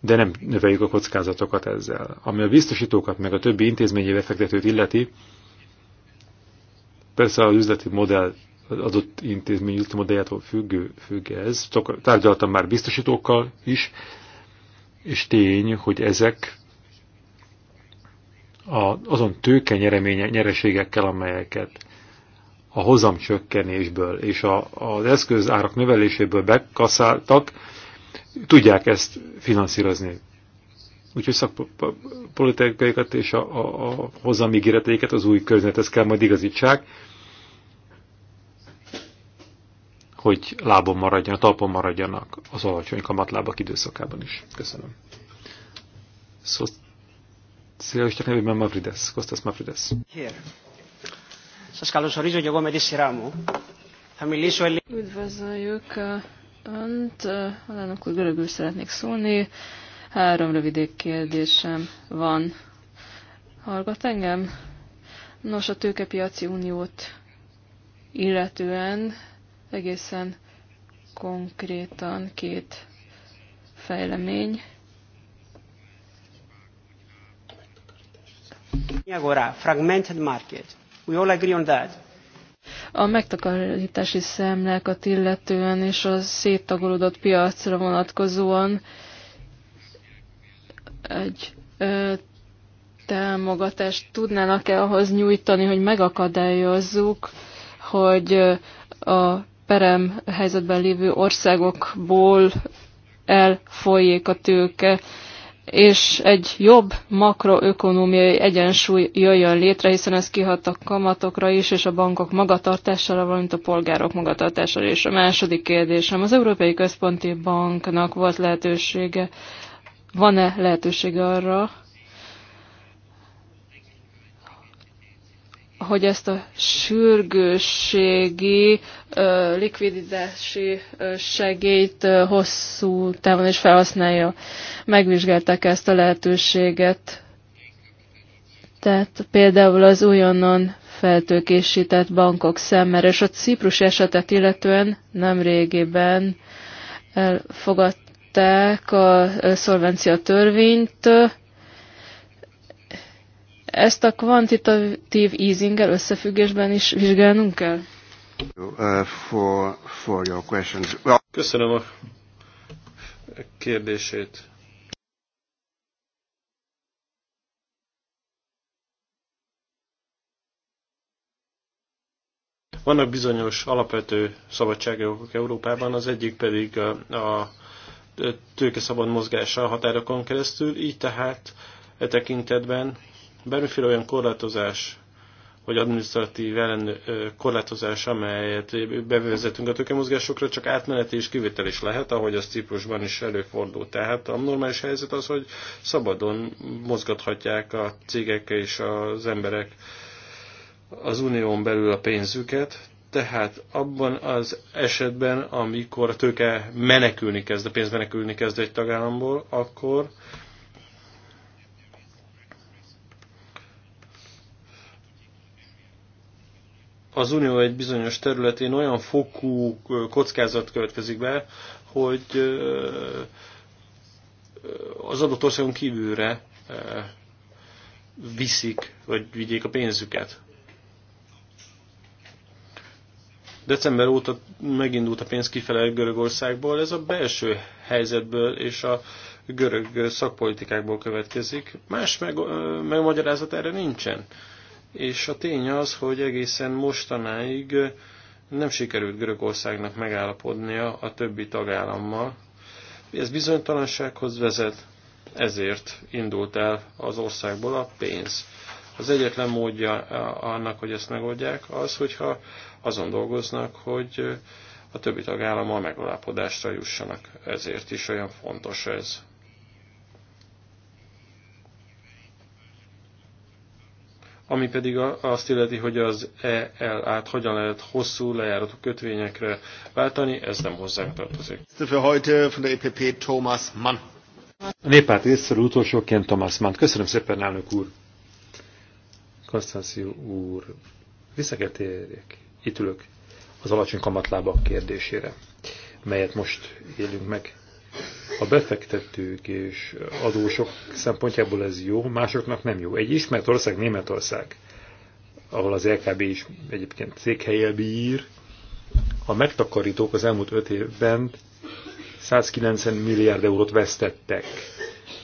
De nem növeljük a kockázatokat ezzel. Ami a biztosítókat meg a többi intézményi befektetőt illeti, persze az üzleti modell az adott intézmény üzleti modelljától függ, függ ez. Tárgyaltam már biztosítókkal is, és tény, hogy ezek a, azon tőke nyereségekkel, amelyeket a hozam csökkenésből és a, az eszközárak növeléséből bekaszáltak, tudják ezt finanszírozni. Úgyhogy szakpolitikaikat és a, a, a ígéreteiket az új környezethez kell majd igazítsák, hogy lábon maradjanak, talpon maradjanak az alacsony kamatlábak időszakában is. Köszönöm. Szóval Szélőstek nevében Mavrides, Kostas Mavrides. Σας καλωσορίζω και εγώ με τη σειρά μου. Θα μιλήσω ελληνικά. Üdvözöljük uh, Önt, uh, Alánok úr, görögül szeretnék szólni. Három rövid kérdésem van. Hallgat engem? Nos, a tőkepiaci uniót illetően egészen konkrétan két fejlemény Agora, fragmented market. We all agree on that. A megtakarítási szemlékat illetően és a széttagolódott piacra vonatkozóan egy ö, támogatást tudnának-e ahhoz nyújtani, hogy megakadályozzuk, hogy a perem helyzetben lévő országokból elfolyék a tőke és egy jobb makroökonómiai egyensúly jöjjön létre, hiszen ez kihat a kamatokra is, és a bankok magatartására, valamint a polgárok magatartására is. A második kérdésem, az Európai Központi Banknak volt lehetősége, van-e lehetősége arra, hogy ezt a sürgősségi likviditási segélyt hosszú távon is felhasználja. Megvizsgálták ezt a lehetőséget. Tehát például az újonnan feltőkésített bankok szemmel, és a Ciprus esetet illetően nem régében elfogadták a szolvencia törvényt, ezt a kvantitatív easinggel összefüggésben is vizsgálnunk kell? Uh, Köszönöm a kérdését. Vannak bizonyos alapvető szabadságjogok Európában, az egyik pedig a, a tőke szabad mozgása a határokon keresztül, így tehát e tekintetben bármiféle olyan korlátozás, vagy adminisztratív ellen korlátozás, amelyet bevezetünk a tőkemozgásokra, csak átmeneti és kivétel is lehet, ahogy az Ciprusban is előfordul. Tehát a normális helyzet az, hogy szabadon mozgathatják a cégek és az emberek az unión belül a pénzüket, tehát abban az esetben, amikor a tőke menekülni kezd, a pénz menekülni kezd egy tagállamból, akkor az unió egy bizonyos területén olyan fokú kockázat következik be, hogy az adott országon kívülre viszik, vagy vigyék a pénzüket. December óta megindult a pénz kifele Görögországból, ez a belső helyzetből és a görög szakpolitikákból következik. Más meg, megmagyarázat erre nincsen és a tény az, hogy egészen mostanáig nem sikerült Görögországnak megállapodnia a többi tagállammal. Ez bizonytalansághoz vezet, ezért indult el az országból a pénz. Az egyetlen módja annak, hogy ezt megoldják, az, hogyha azon dolgoznak, hogy a többi tagállammal megalapodásra jussanak. Ezért is olyan fontos ez. Ami pedig azt illeti, hogy az ELA-t hogyan lehet hosszú lejáratú kötvényekre váltani, ez nem hozzánk tartozik. E Thomas Mann. A néppárt részéről utolsóként Thomas Mann. Köszönöm szépen, elnök úr. Konstanció úr, vissza kell térjek. Itt ülök az alacsony kamatlábak kérdésére, melyet most élünk meg. A befektetők és adósok szempontjából ez jó, másoknak nem jó. Egy ismert ország Németország, ahol az LKB is egyébként székhelye bír, a megtakarítók az elmúlt öt évben 190 milliárd eurót vesztettek.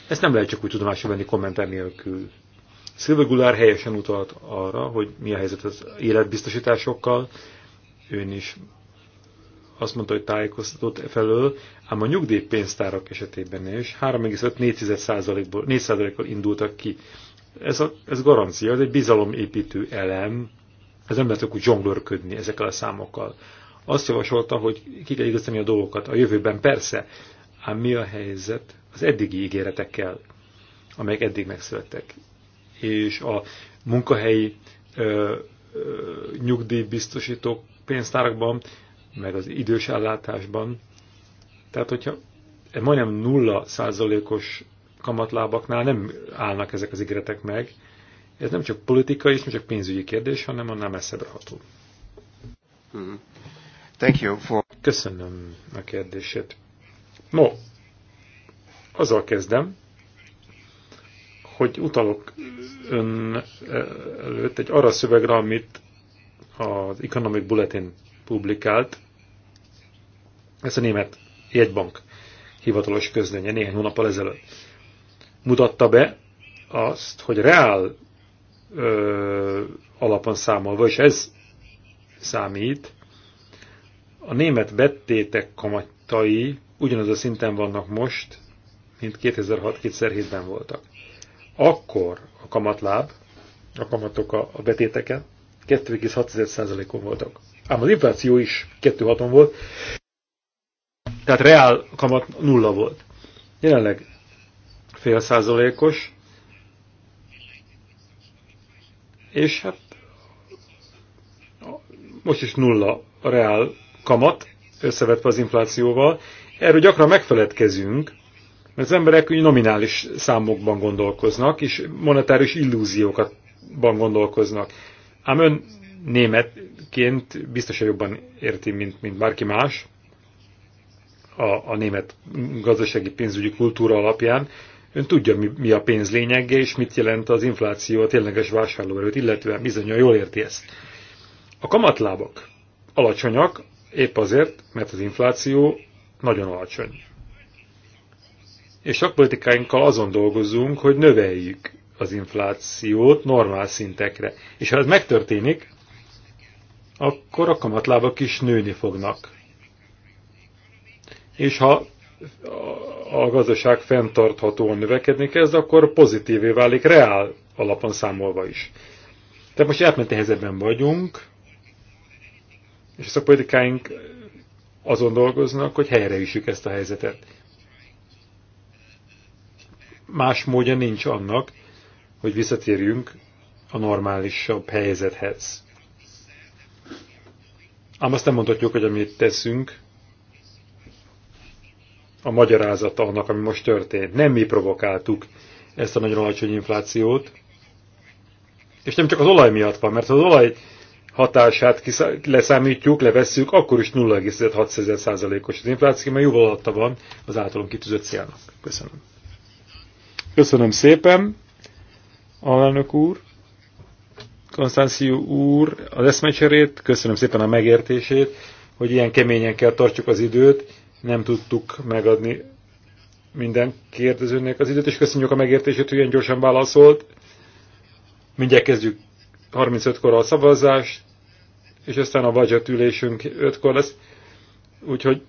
Ezt nem lehet csak úgy tudomásul venni kommentár nélkül. Szilvia helyesen utalt arra, hogy mi a helyzet az életbiztosításokkal. Ön is azt mondta, hogy tájékoztatott felől, ám a nyugdíjpénztárak esetében is 3,5-4%-ból 4%-kal indultak ki. Ez, a, ez garancia, ez egy bizalomépítő elem, ez nem lehet úgy zsonglőrködni ezekkel a számokkal. Azt javasolta, hogy ki kell igazítani a dolgokat a jövőben, persze, ám mi a helyzet az eddigi ígéretekkel, amelyek eddig megszülettek. És a munkahelyi ö, ö, nyugdíjbiztosítók pénztárakban meg az idős ellátásban. Tehát, hogyha majdnem nulla százalékos kamatlábaknál nem állnak ezek az igretek meg, ez nem csak politikai és nem csak pénzügyi kérdés, hanem annál messzebbre ható. Mm-hmm. Thank you for... Köszönöm a kérdését. No, azzal kezdem, hogy utalok ön előtt egy arra szövegre, amit az Economic Bulletin publikált, ez a német jegybank hivatalos közlenye néhány hónappal ezelőtt mutatta be azt, hogy reál ö, alapon számolva, és ez számít, a német betétek kamatai ugyanaz a szinten vannak most, mint 2006-2007-ben voltak. Akkor a kamatláb, a kamatok a, a betéteken 2,6%-on voltak. Ám az infláció is 2,6-on volt, tehát reál kamat nulla volt. Jelenleg fél százalékos, és hát most is nulla a reál kamat, összevetve az inflációval. Erről gyakran megfeledkezünk, mert az emberek nominális számokban gondolkoznak, és monetáris illúziókatban gondolkoznak. Ám ön németként biztosan jobban érti, mint, mint bárki más a, a német gazdasági pénzügyi kultúra alapján, ön tudja, mi, mi a pénz lényege, és mit jelent az infláció a tényleges vásárlóerőt, illetve bizonyan jól érti ezt. A kamatlábak alacsonyak, épp azért, mert az infláció nagyon alacsony. És politikáinkkal azon dolgozunk, hogy növeljük az inflációt normál szintekre. És ha ez megtörténik, akkor a kamatlábak is nőni fognak és ha a gazdaság fenntarthatóan növekedni kezd, akkor pozitívé válik reál alapon számolva is. Tehát most átmenti helyzetben vagyunk, és a szakpolitikáink azon dolgoznak, hogy helyreüssük ezt a helyzetet. Más módja nincs annak, hogy visszatérjünk a normálisabb helyzethez. Ám azt nem mondhatjuk, hogy amit teszünk, a magyarázata annak, ami most történt. Nem mi provokáltuk ezt a nagyon alacsony inflációt, és nem csak az olaj miatt van, mert ha az olaj hatását leszámítjuk, levesszük, akkor is 0,6%-os az infláció, mert jóval alatta van az általunk kitűzött célnak. Köszönöm. Köszönöm szépen, alelnök úr, Konstanció úr, az eszmecserét, köszönöm szépen a megértését, hogy ilyen keményen kell tartjuk az időt, nem tudtuk megadni minden kérdezőnek az időt, és köszönjük a megértését, hogy ilyen gyorsan válaszolt. Mindjárt kezdjük 35-kor a szavazást, és aztán a budget ülésünk 5-kor lesz. Úgyhogy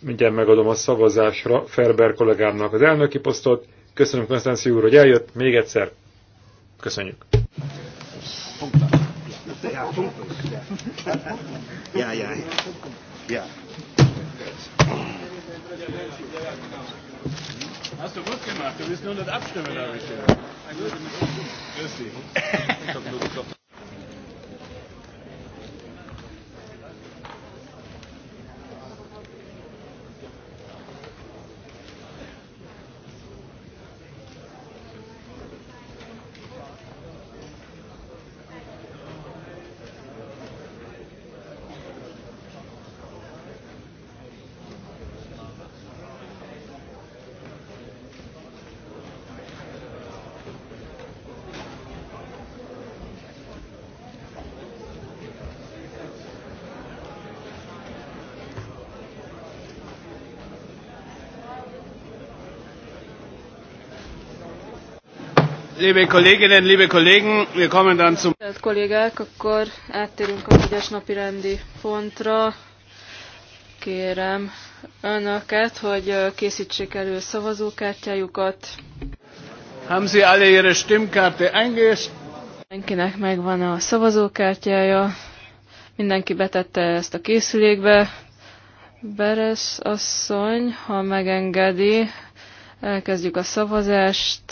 mindjárt megadom a szavazásra Ferber kollégámnak az elnöki posztot. Köszönöm Konstanci úr, hogy eljött. Még egyszer köszönjük. Yeah, yeah, yeah. Hast du gut gemacht, du bist nur nicht abstimmen, habe ich gehört. Grüß dich. Liebe Kolleginnen, liebe Kollegen, wir kommen dann zum... kollégák, akkor áttérünk a vegyes napi rendi pontra. Kérem önöket, hogy készítsék elő szavazókártyájukat. Haben Sie alle Ihre Stimmkarte eingestellt? Mindenkinek megvan a szavazókártyája. Mindenki betette ezt a készülékbe. Beres asszony, ha megengedi, elkezdjük a szavazást.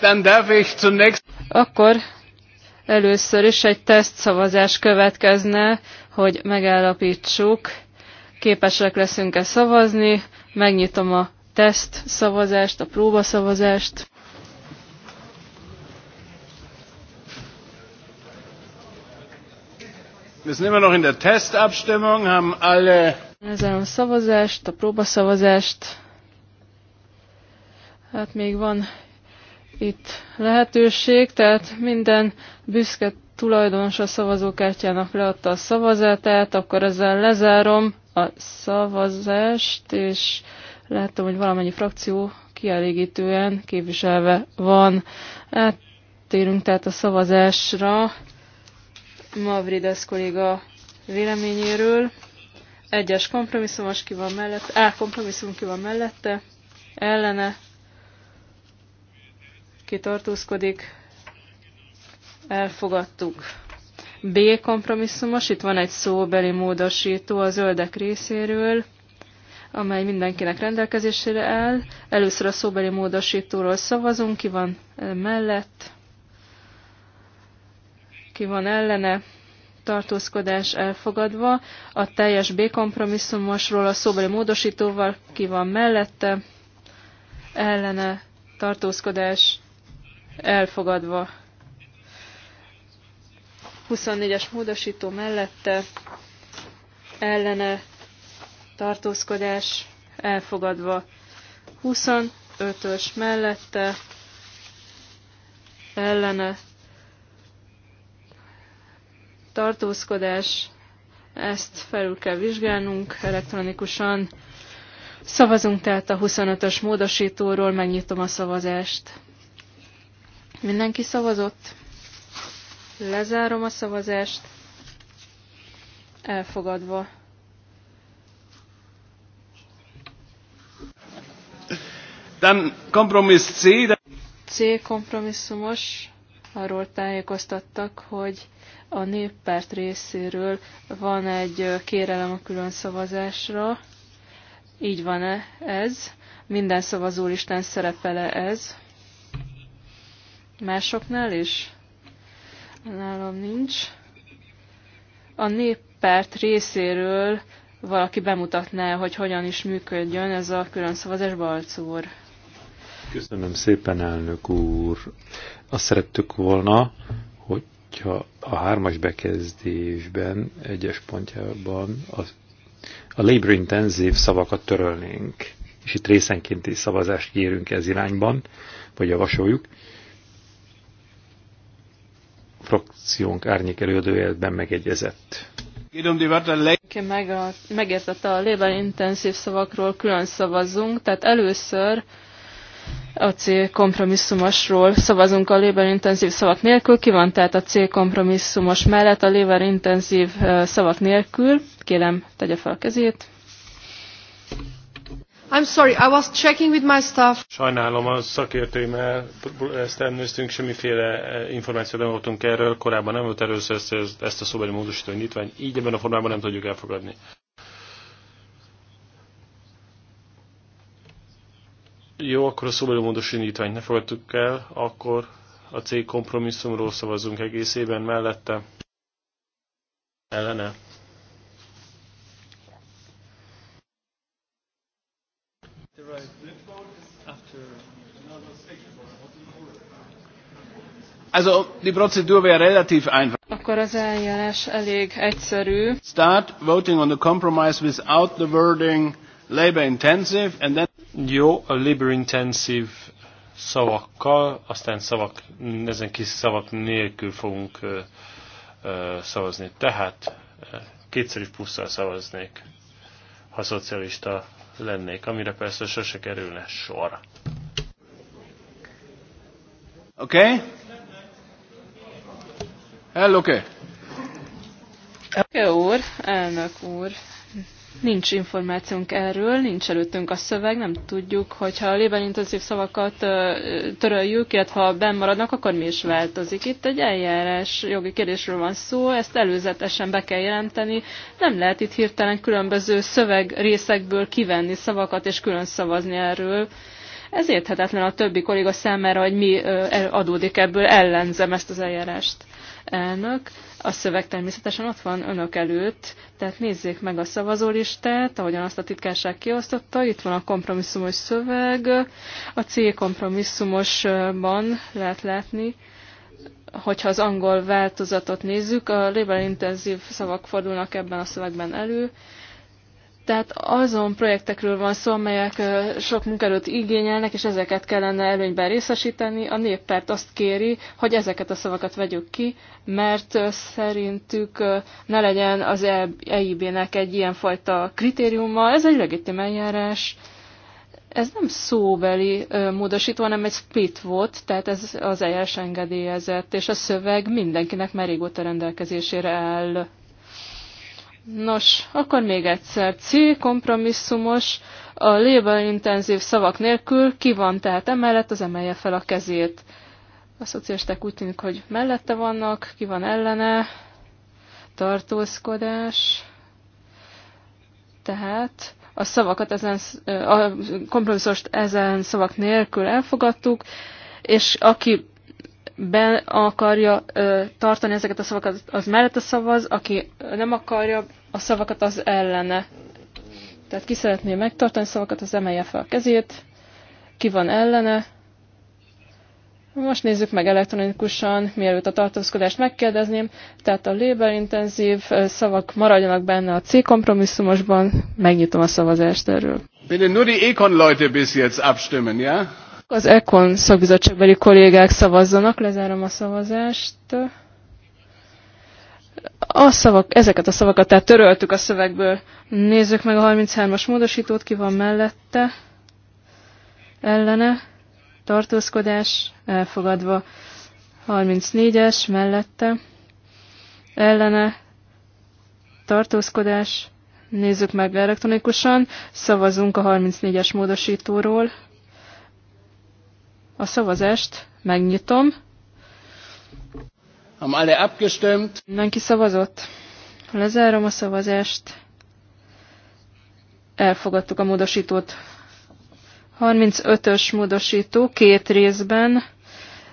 Dann darf ich zunächst... Akkor először is egy tesztszavazás következne, hogy megállapítsuk, képesek leszünk-e szavazni. Megnyitom a tesztszavazást, a próbaszavazást. Wir sind immer noch in der Testabstimmung, haben alle... Ezen a szavazást, a próbaszavazást. Hát még van itt lehetőség, tehát minden büszke tulajdonos a szavazókártyának leadta a szavazatát, akkor ezzel lezárom a szavazást, és láttam, hogy valamennyi frakció kielégítően képviselve van. Áttérünk tehát a szavazásra Mavrides kolléga véleményéről. Egyes kompromisszumos ki van mellette, á, kompromisszum ki van mellette, ellene ki tartózkodik, elfogadtuk. B kompromisszumos, itt van egy szóbeli módosító a zöldek részéről, amely mindenkinek rendelkezésére áll. Először a szóbeli módosítóról szavazunk, ki van eh, mellett, ki van ellene, tartózkodás elfogadva. A teljes B kompromisszumosról a szóbeli módosítóval ki van mellette, ellene, tartózkodás elfogadva. 24-es módosító mellette ellene tartózkodás elfogadva. 25-ös mellette ellene tartózkodás, ezt felül kell vizsgálnunk elektronikusan. Szavazunk tehát a 25-ös módosítóról, megnyitom a szavazást. Mindenki szavazott? Lezárom a szavazást. Elfogadva. Nem kompromissz C. C kompromisszumos. Arról tájékoztattak, hogy a néppárt részéről van egy kérelem a külön szavazásra. Így van-e ez? Minden szavazólistán szerepele ez? Másoknál is? Nálam nincs. A néppárt részéről valaki bemutatná, hogy hogyan is működjön ez a külön szavazás, Balc úr. Köszönöm szépen, elnök úr. Azt szerettük volna, hogyha a hármas bekezdésben, egyes pontjában a, a labor intenzív szavakat törölnénk, és itt részenkénti szavazást kérünk ez irányban, vagy javasoljuk, frakciónk árnyék előadójában megegyezett. Hát meg a, megértett a labor-intenzív szavakról külön szavazunk, tehát először a C kompromisszumosról szavazunk a labor-intenzív szavak nélkül, ki van tehát a C kompromisszumos mellett a labor-intenzív szavak nélkül, kérem tegye fel a kezét. I'm sorry, I was checking with my staff. Sajnálom, a szakértőimmel ezt néztünk, semmiféle eh, információt nem voltunk erről, korábban nem volt erről ezt, ezt a szóbeli módosító indítvány, így ebben a formában nem tudjuk elfogadni. Jó, akkor a szóbeli módosító indítványt ne fogadtuk el, akkor a C kompromisszumról szavazunk egészében mellette. Ellene. Also die Prozedur wäre relativ einfach. Akkor az eljárás elég egyszerű. Start voting on the compromise without the wording labor intensive and then Jó, a labor intensive szavakkal, aztán szavak, ezen kis szavak nélkül fogunk ö, ö, szavazni. Tehát kétszer is pusztal szavaznék, ha szocialista lennék, amire persze sose kerülne sor. Oké? Okay? Elnöke! Elnöke úr, elnök úr, nincs információnk erről, nincs előttünk a szöveg, nem tudjuk, hogyha a lében intenzív szavakat töröljük, illetve ha benn maradnak, akkor mi is változik. Itt egy eljárás jogi kérdésről van szó, ezt előzetesen be kell jelenteni, nem lehet itt hirtelen különböző szöveg részekből kivenni szavakat és külön szavazni erről. Ez érthetetlen a többi kolléga számára, hogy mi adódik ebből, ellenzem ezt az eljárást elnök. A szöveg természetesen ott van önök előtt, tehát nézzék meg a szavazólistát, ahogyan azt a titkárság kiosztotta. Itt van a kompromisszumos szöveg. A C kompromisszumosban lehet látni, hogyha az angol változatot nézzük, a labor intenzív szavak fordulnak ebben a szövegben elő, tehát azon projektekről van szó, amelyek sok munkerőt igényelnek, és ezeket kellene előnyben részesíteni. A néppárt azt kéri, hogy ezeket a szavakat vegyük ki, mert szerintük ne legyen az EIB-nek egy ilyenfajta kritériuma. Ez egy legitim eljárás. Ez nem szóbeli módosító, hanem egy split volt, tehát ez az eljárás engedélyezett, és a szöveg mindenkinek már régóta rendelkezésére áll. Nos, akkor még egyszer. C, kompromisszumos, a labor-intenzív szavak nélkül ki van, tehát emellett az emelje fel a kezét. A szociálisták úgy tűnik, hogy mellette vannak, ki van ellene, tartózkodás, tehát a szavakat ezen, a kompromisszost ezen szavak nélkül elfogadtuk, és aki be akarja ö, tartani ezeket a szavakat, az mellette szavaz, aki nem akarja a szavakat, az ellene. Tehát ki szeretné megtartani szavakat, az emelje fel a kezét. Ki van ellene? Most nézzük meg elektronikusan, mielőtt a tartózkodást megkérdezném. Tehát a label intenzív szavak maradjanak benne a C kompromisszumosban. Megnyitom a szavazást erről. Bitte nur die Econ-Leute bis jetzt abstimmen, ja? az ECON szakbizottságbeli kollégák szavazzanak, lezárom a szavazást. A szavak, ezeket a szavakat tehát töröltük a szövegből. Nézzük meg a 33-as módosítót, ki van mellette, ellene, tartózkodás, elfogadva. 34-es, mellette, ellene, tartózkodás, nézzük meg elektronikusan, szavazunk a 34-es módosítóról. A szavazást megnyitom. Am alle abgestimmt? Mindenki szavazott. Lezárom a szavazást. Elfogadtuk a módosítót. 35-ös módosító két részben.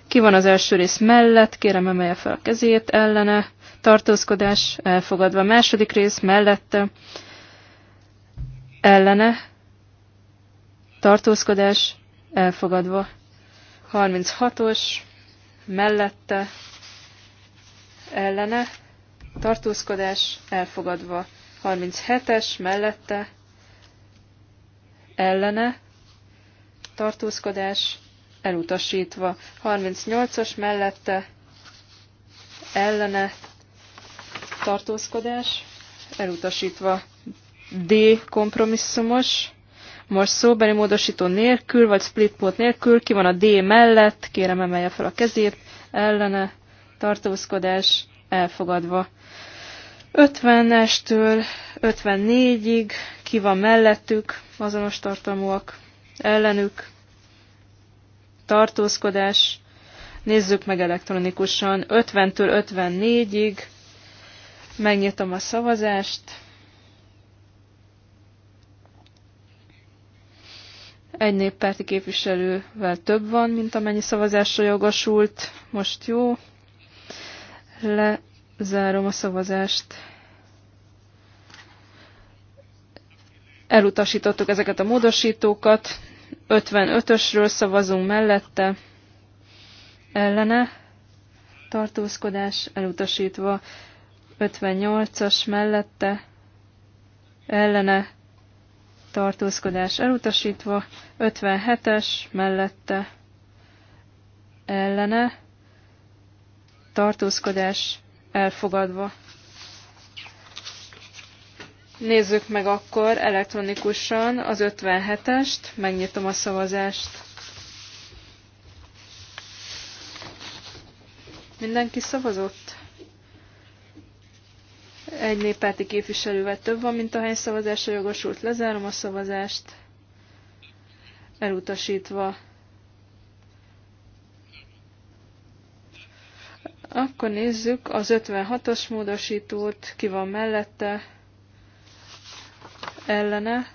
Ki van az első rész mellett? Kérem emelje fel a kezét ellene. Tartózkodás elfogadva. Második rész mellette. Ellene. Tartózkodás elfogadva. 36-os mellette ellene tartózkodás elfogadva. 37-es mellette ellene tartózkodás elutasítva. 38 os mellette ellene tartózkodás elutasítva. D kompromisszumos most szóbeli módosító nélkül, vagy split vote nélkül, ki van a D mellett, kérem emelje fel a kezét, ellene, tartózkodás, elfogadva. 50-estől 54-ig ki van mellettük, azonos tartalmúak, ellenük, tartózkodás, nézzük meg elektronikusan, 50-től 54-ig, megnyitom a szavazást, Egy néppárti képviselővel több van, mint amennyi szavazásra jogosult. Most jó. Lezárom a szavazást. Elutasítottuk ezeket a módosítókat. 55-ösről szavazunk mellette. Ellene. Tartózkodás elutasítva. 58-as mellette. Ellene tartózkodás elutasítva, 57-es mellette ellene tartózkodás elfogadva. Nézzük meg akkor elektronikusan az 57-est, megnyitom a szavazást. Mindenki szavazott? Egy néppárti képviselővel több van, mint a hely szavazásra jogosult. Lezárom a szavazást. Elutasítva. Akkor nézzük az 56-os módosítót, ki van mellette, ellene,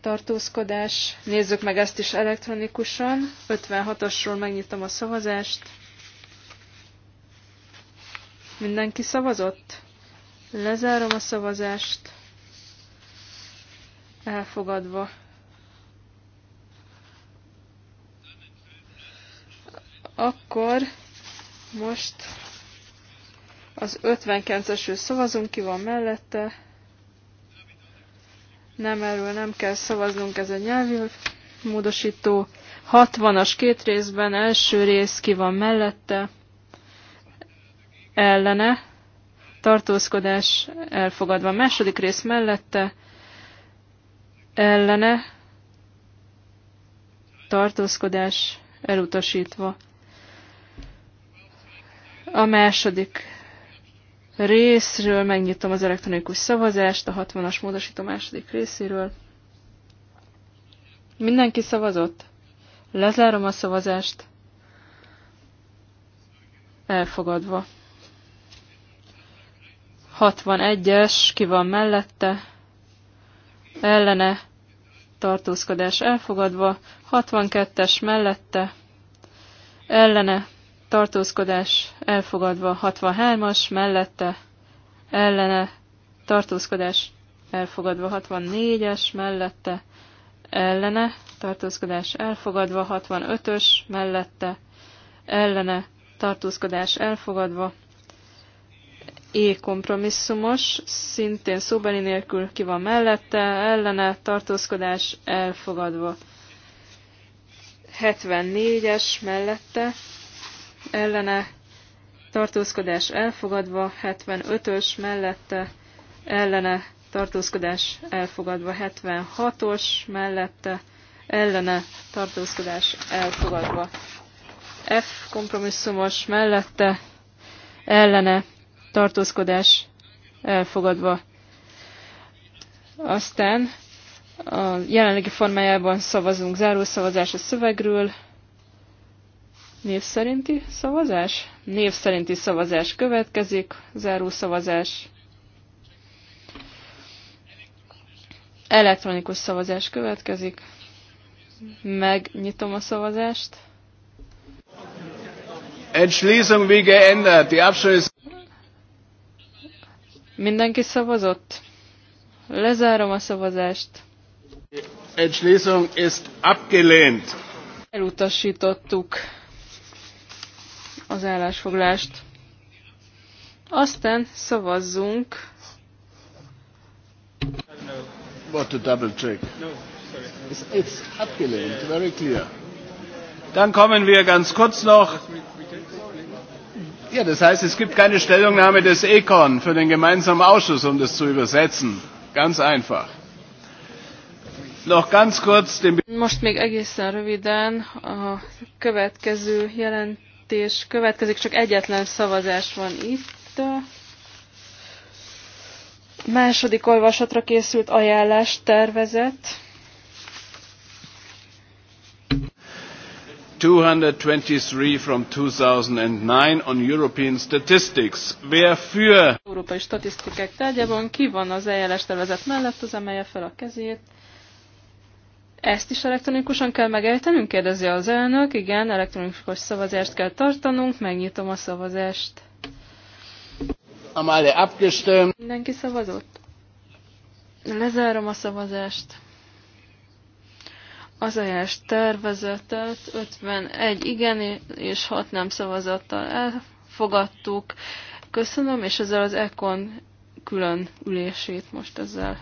tartózkodás. Nézzük meg ezt is elektronikusan. 56-osról megnyitom a szavazást. Mindenki szavazott? Lezárom a szavazást. Elfogadva. Akkor most az 59-esről szavazunk, ki van mellette. Nem, erről nem kell szavaznunk, ez a nyelvi módosító. 60-as két részben, első rész ki van mellette ellene, tartózkodás elfogadva. A második rész mellette, ellene, tartózkodás elutasítva. A második részről megnyitom az elektronikus szavazást, a 60-as módosító második részéről. Mindenki szavazott? Lezárom a szavazást. Elfogadva. 61-es, ki van mellette, ellene, tartózkodás elfogadva, 62-es mellette, ellene, tartózkodás elfogadva, 63-as mellette, ellene, tartózkodás elfogadva, 64-es mellette, ellene, tartózkodás elfogadva, 65-ös mellette, ellene, tartózkodás elfogadva, E kompromisszumos, szintén szóbeli nélkül ki van mellette, ellene, tartózkodás elfogadva. 74-es mellette, ellene, tartózkodás elfogadva, 75-ös mellette, ellene, tartózkodás elfogadva, 76-os mellette, ellene, tartózkodás elfogadva. F kompromisszumos mellette, ellene tartózkodás elfogadva. Aztán a jelenlegi formájában szavazunk zárószavazás a szövegről. Név szerinti szavazás? Név szerinti szavazás következik, zárószavazás. Elektronikus szavazás következik. Megnyitom a szavazást. Entschließung wie geändert. Die Abstimmung ist Mindenki szavazott? Lezárom a szavazást. Entschließung ist abgelehnt. Elutasítottuk az állásfoglást. Aztán szavazzunk. What to double check. No, sorry. It's, it's abgelehnt, very clear. Dann kommen wir ganz kurz noch Ja, das heißt, es gibt keine Stellungnahme des ECON für den gemeinsamen Ausschuss, um das zu übersetzen. Ganz einfach. Noch ganz kurz den Most még egészen röviden a következő jelentés következik, csak egyetlen szavazás van itt. Második olvasatra készült ajánlás tervezet. 223 from 2009 on European Statistics. Wer für? Európai statisztikák tárgyában ki van az eljárás tervezet mellett, az emelje fel a kezét. Ezt is elektronikusan kell megejtenünk, kérdezi az elnök. Igen, elektronikus szavazást kell tartanunk, megnyitom a szavazást. Mindenki szavazott? Lezárom a szavazást az ajánlás tervezetet 51 igen és 6 nem szavazattal elfogadtuk. Köszönöm, és ezzel az ECON külön ülését most ezzel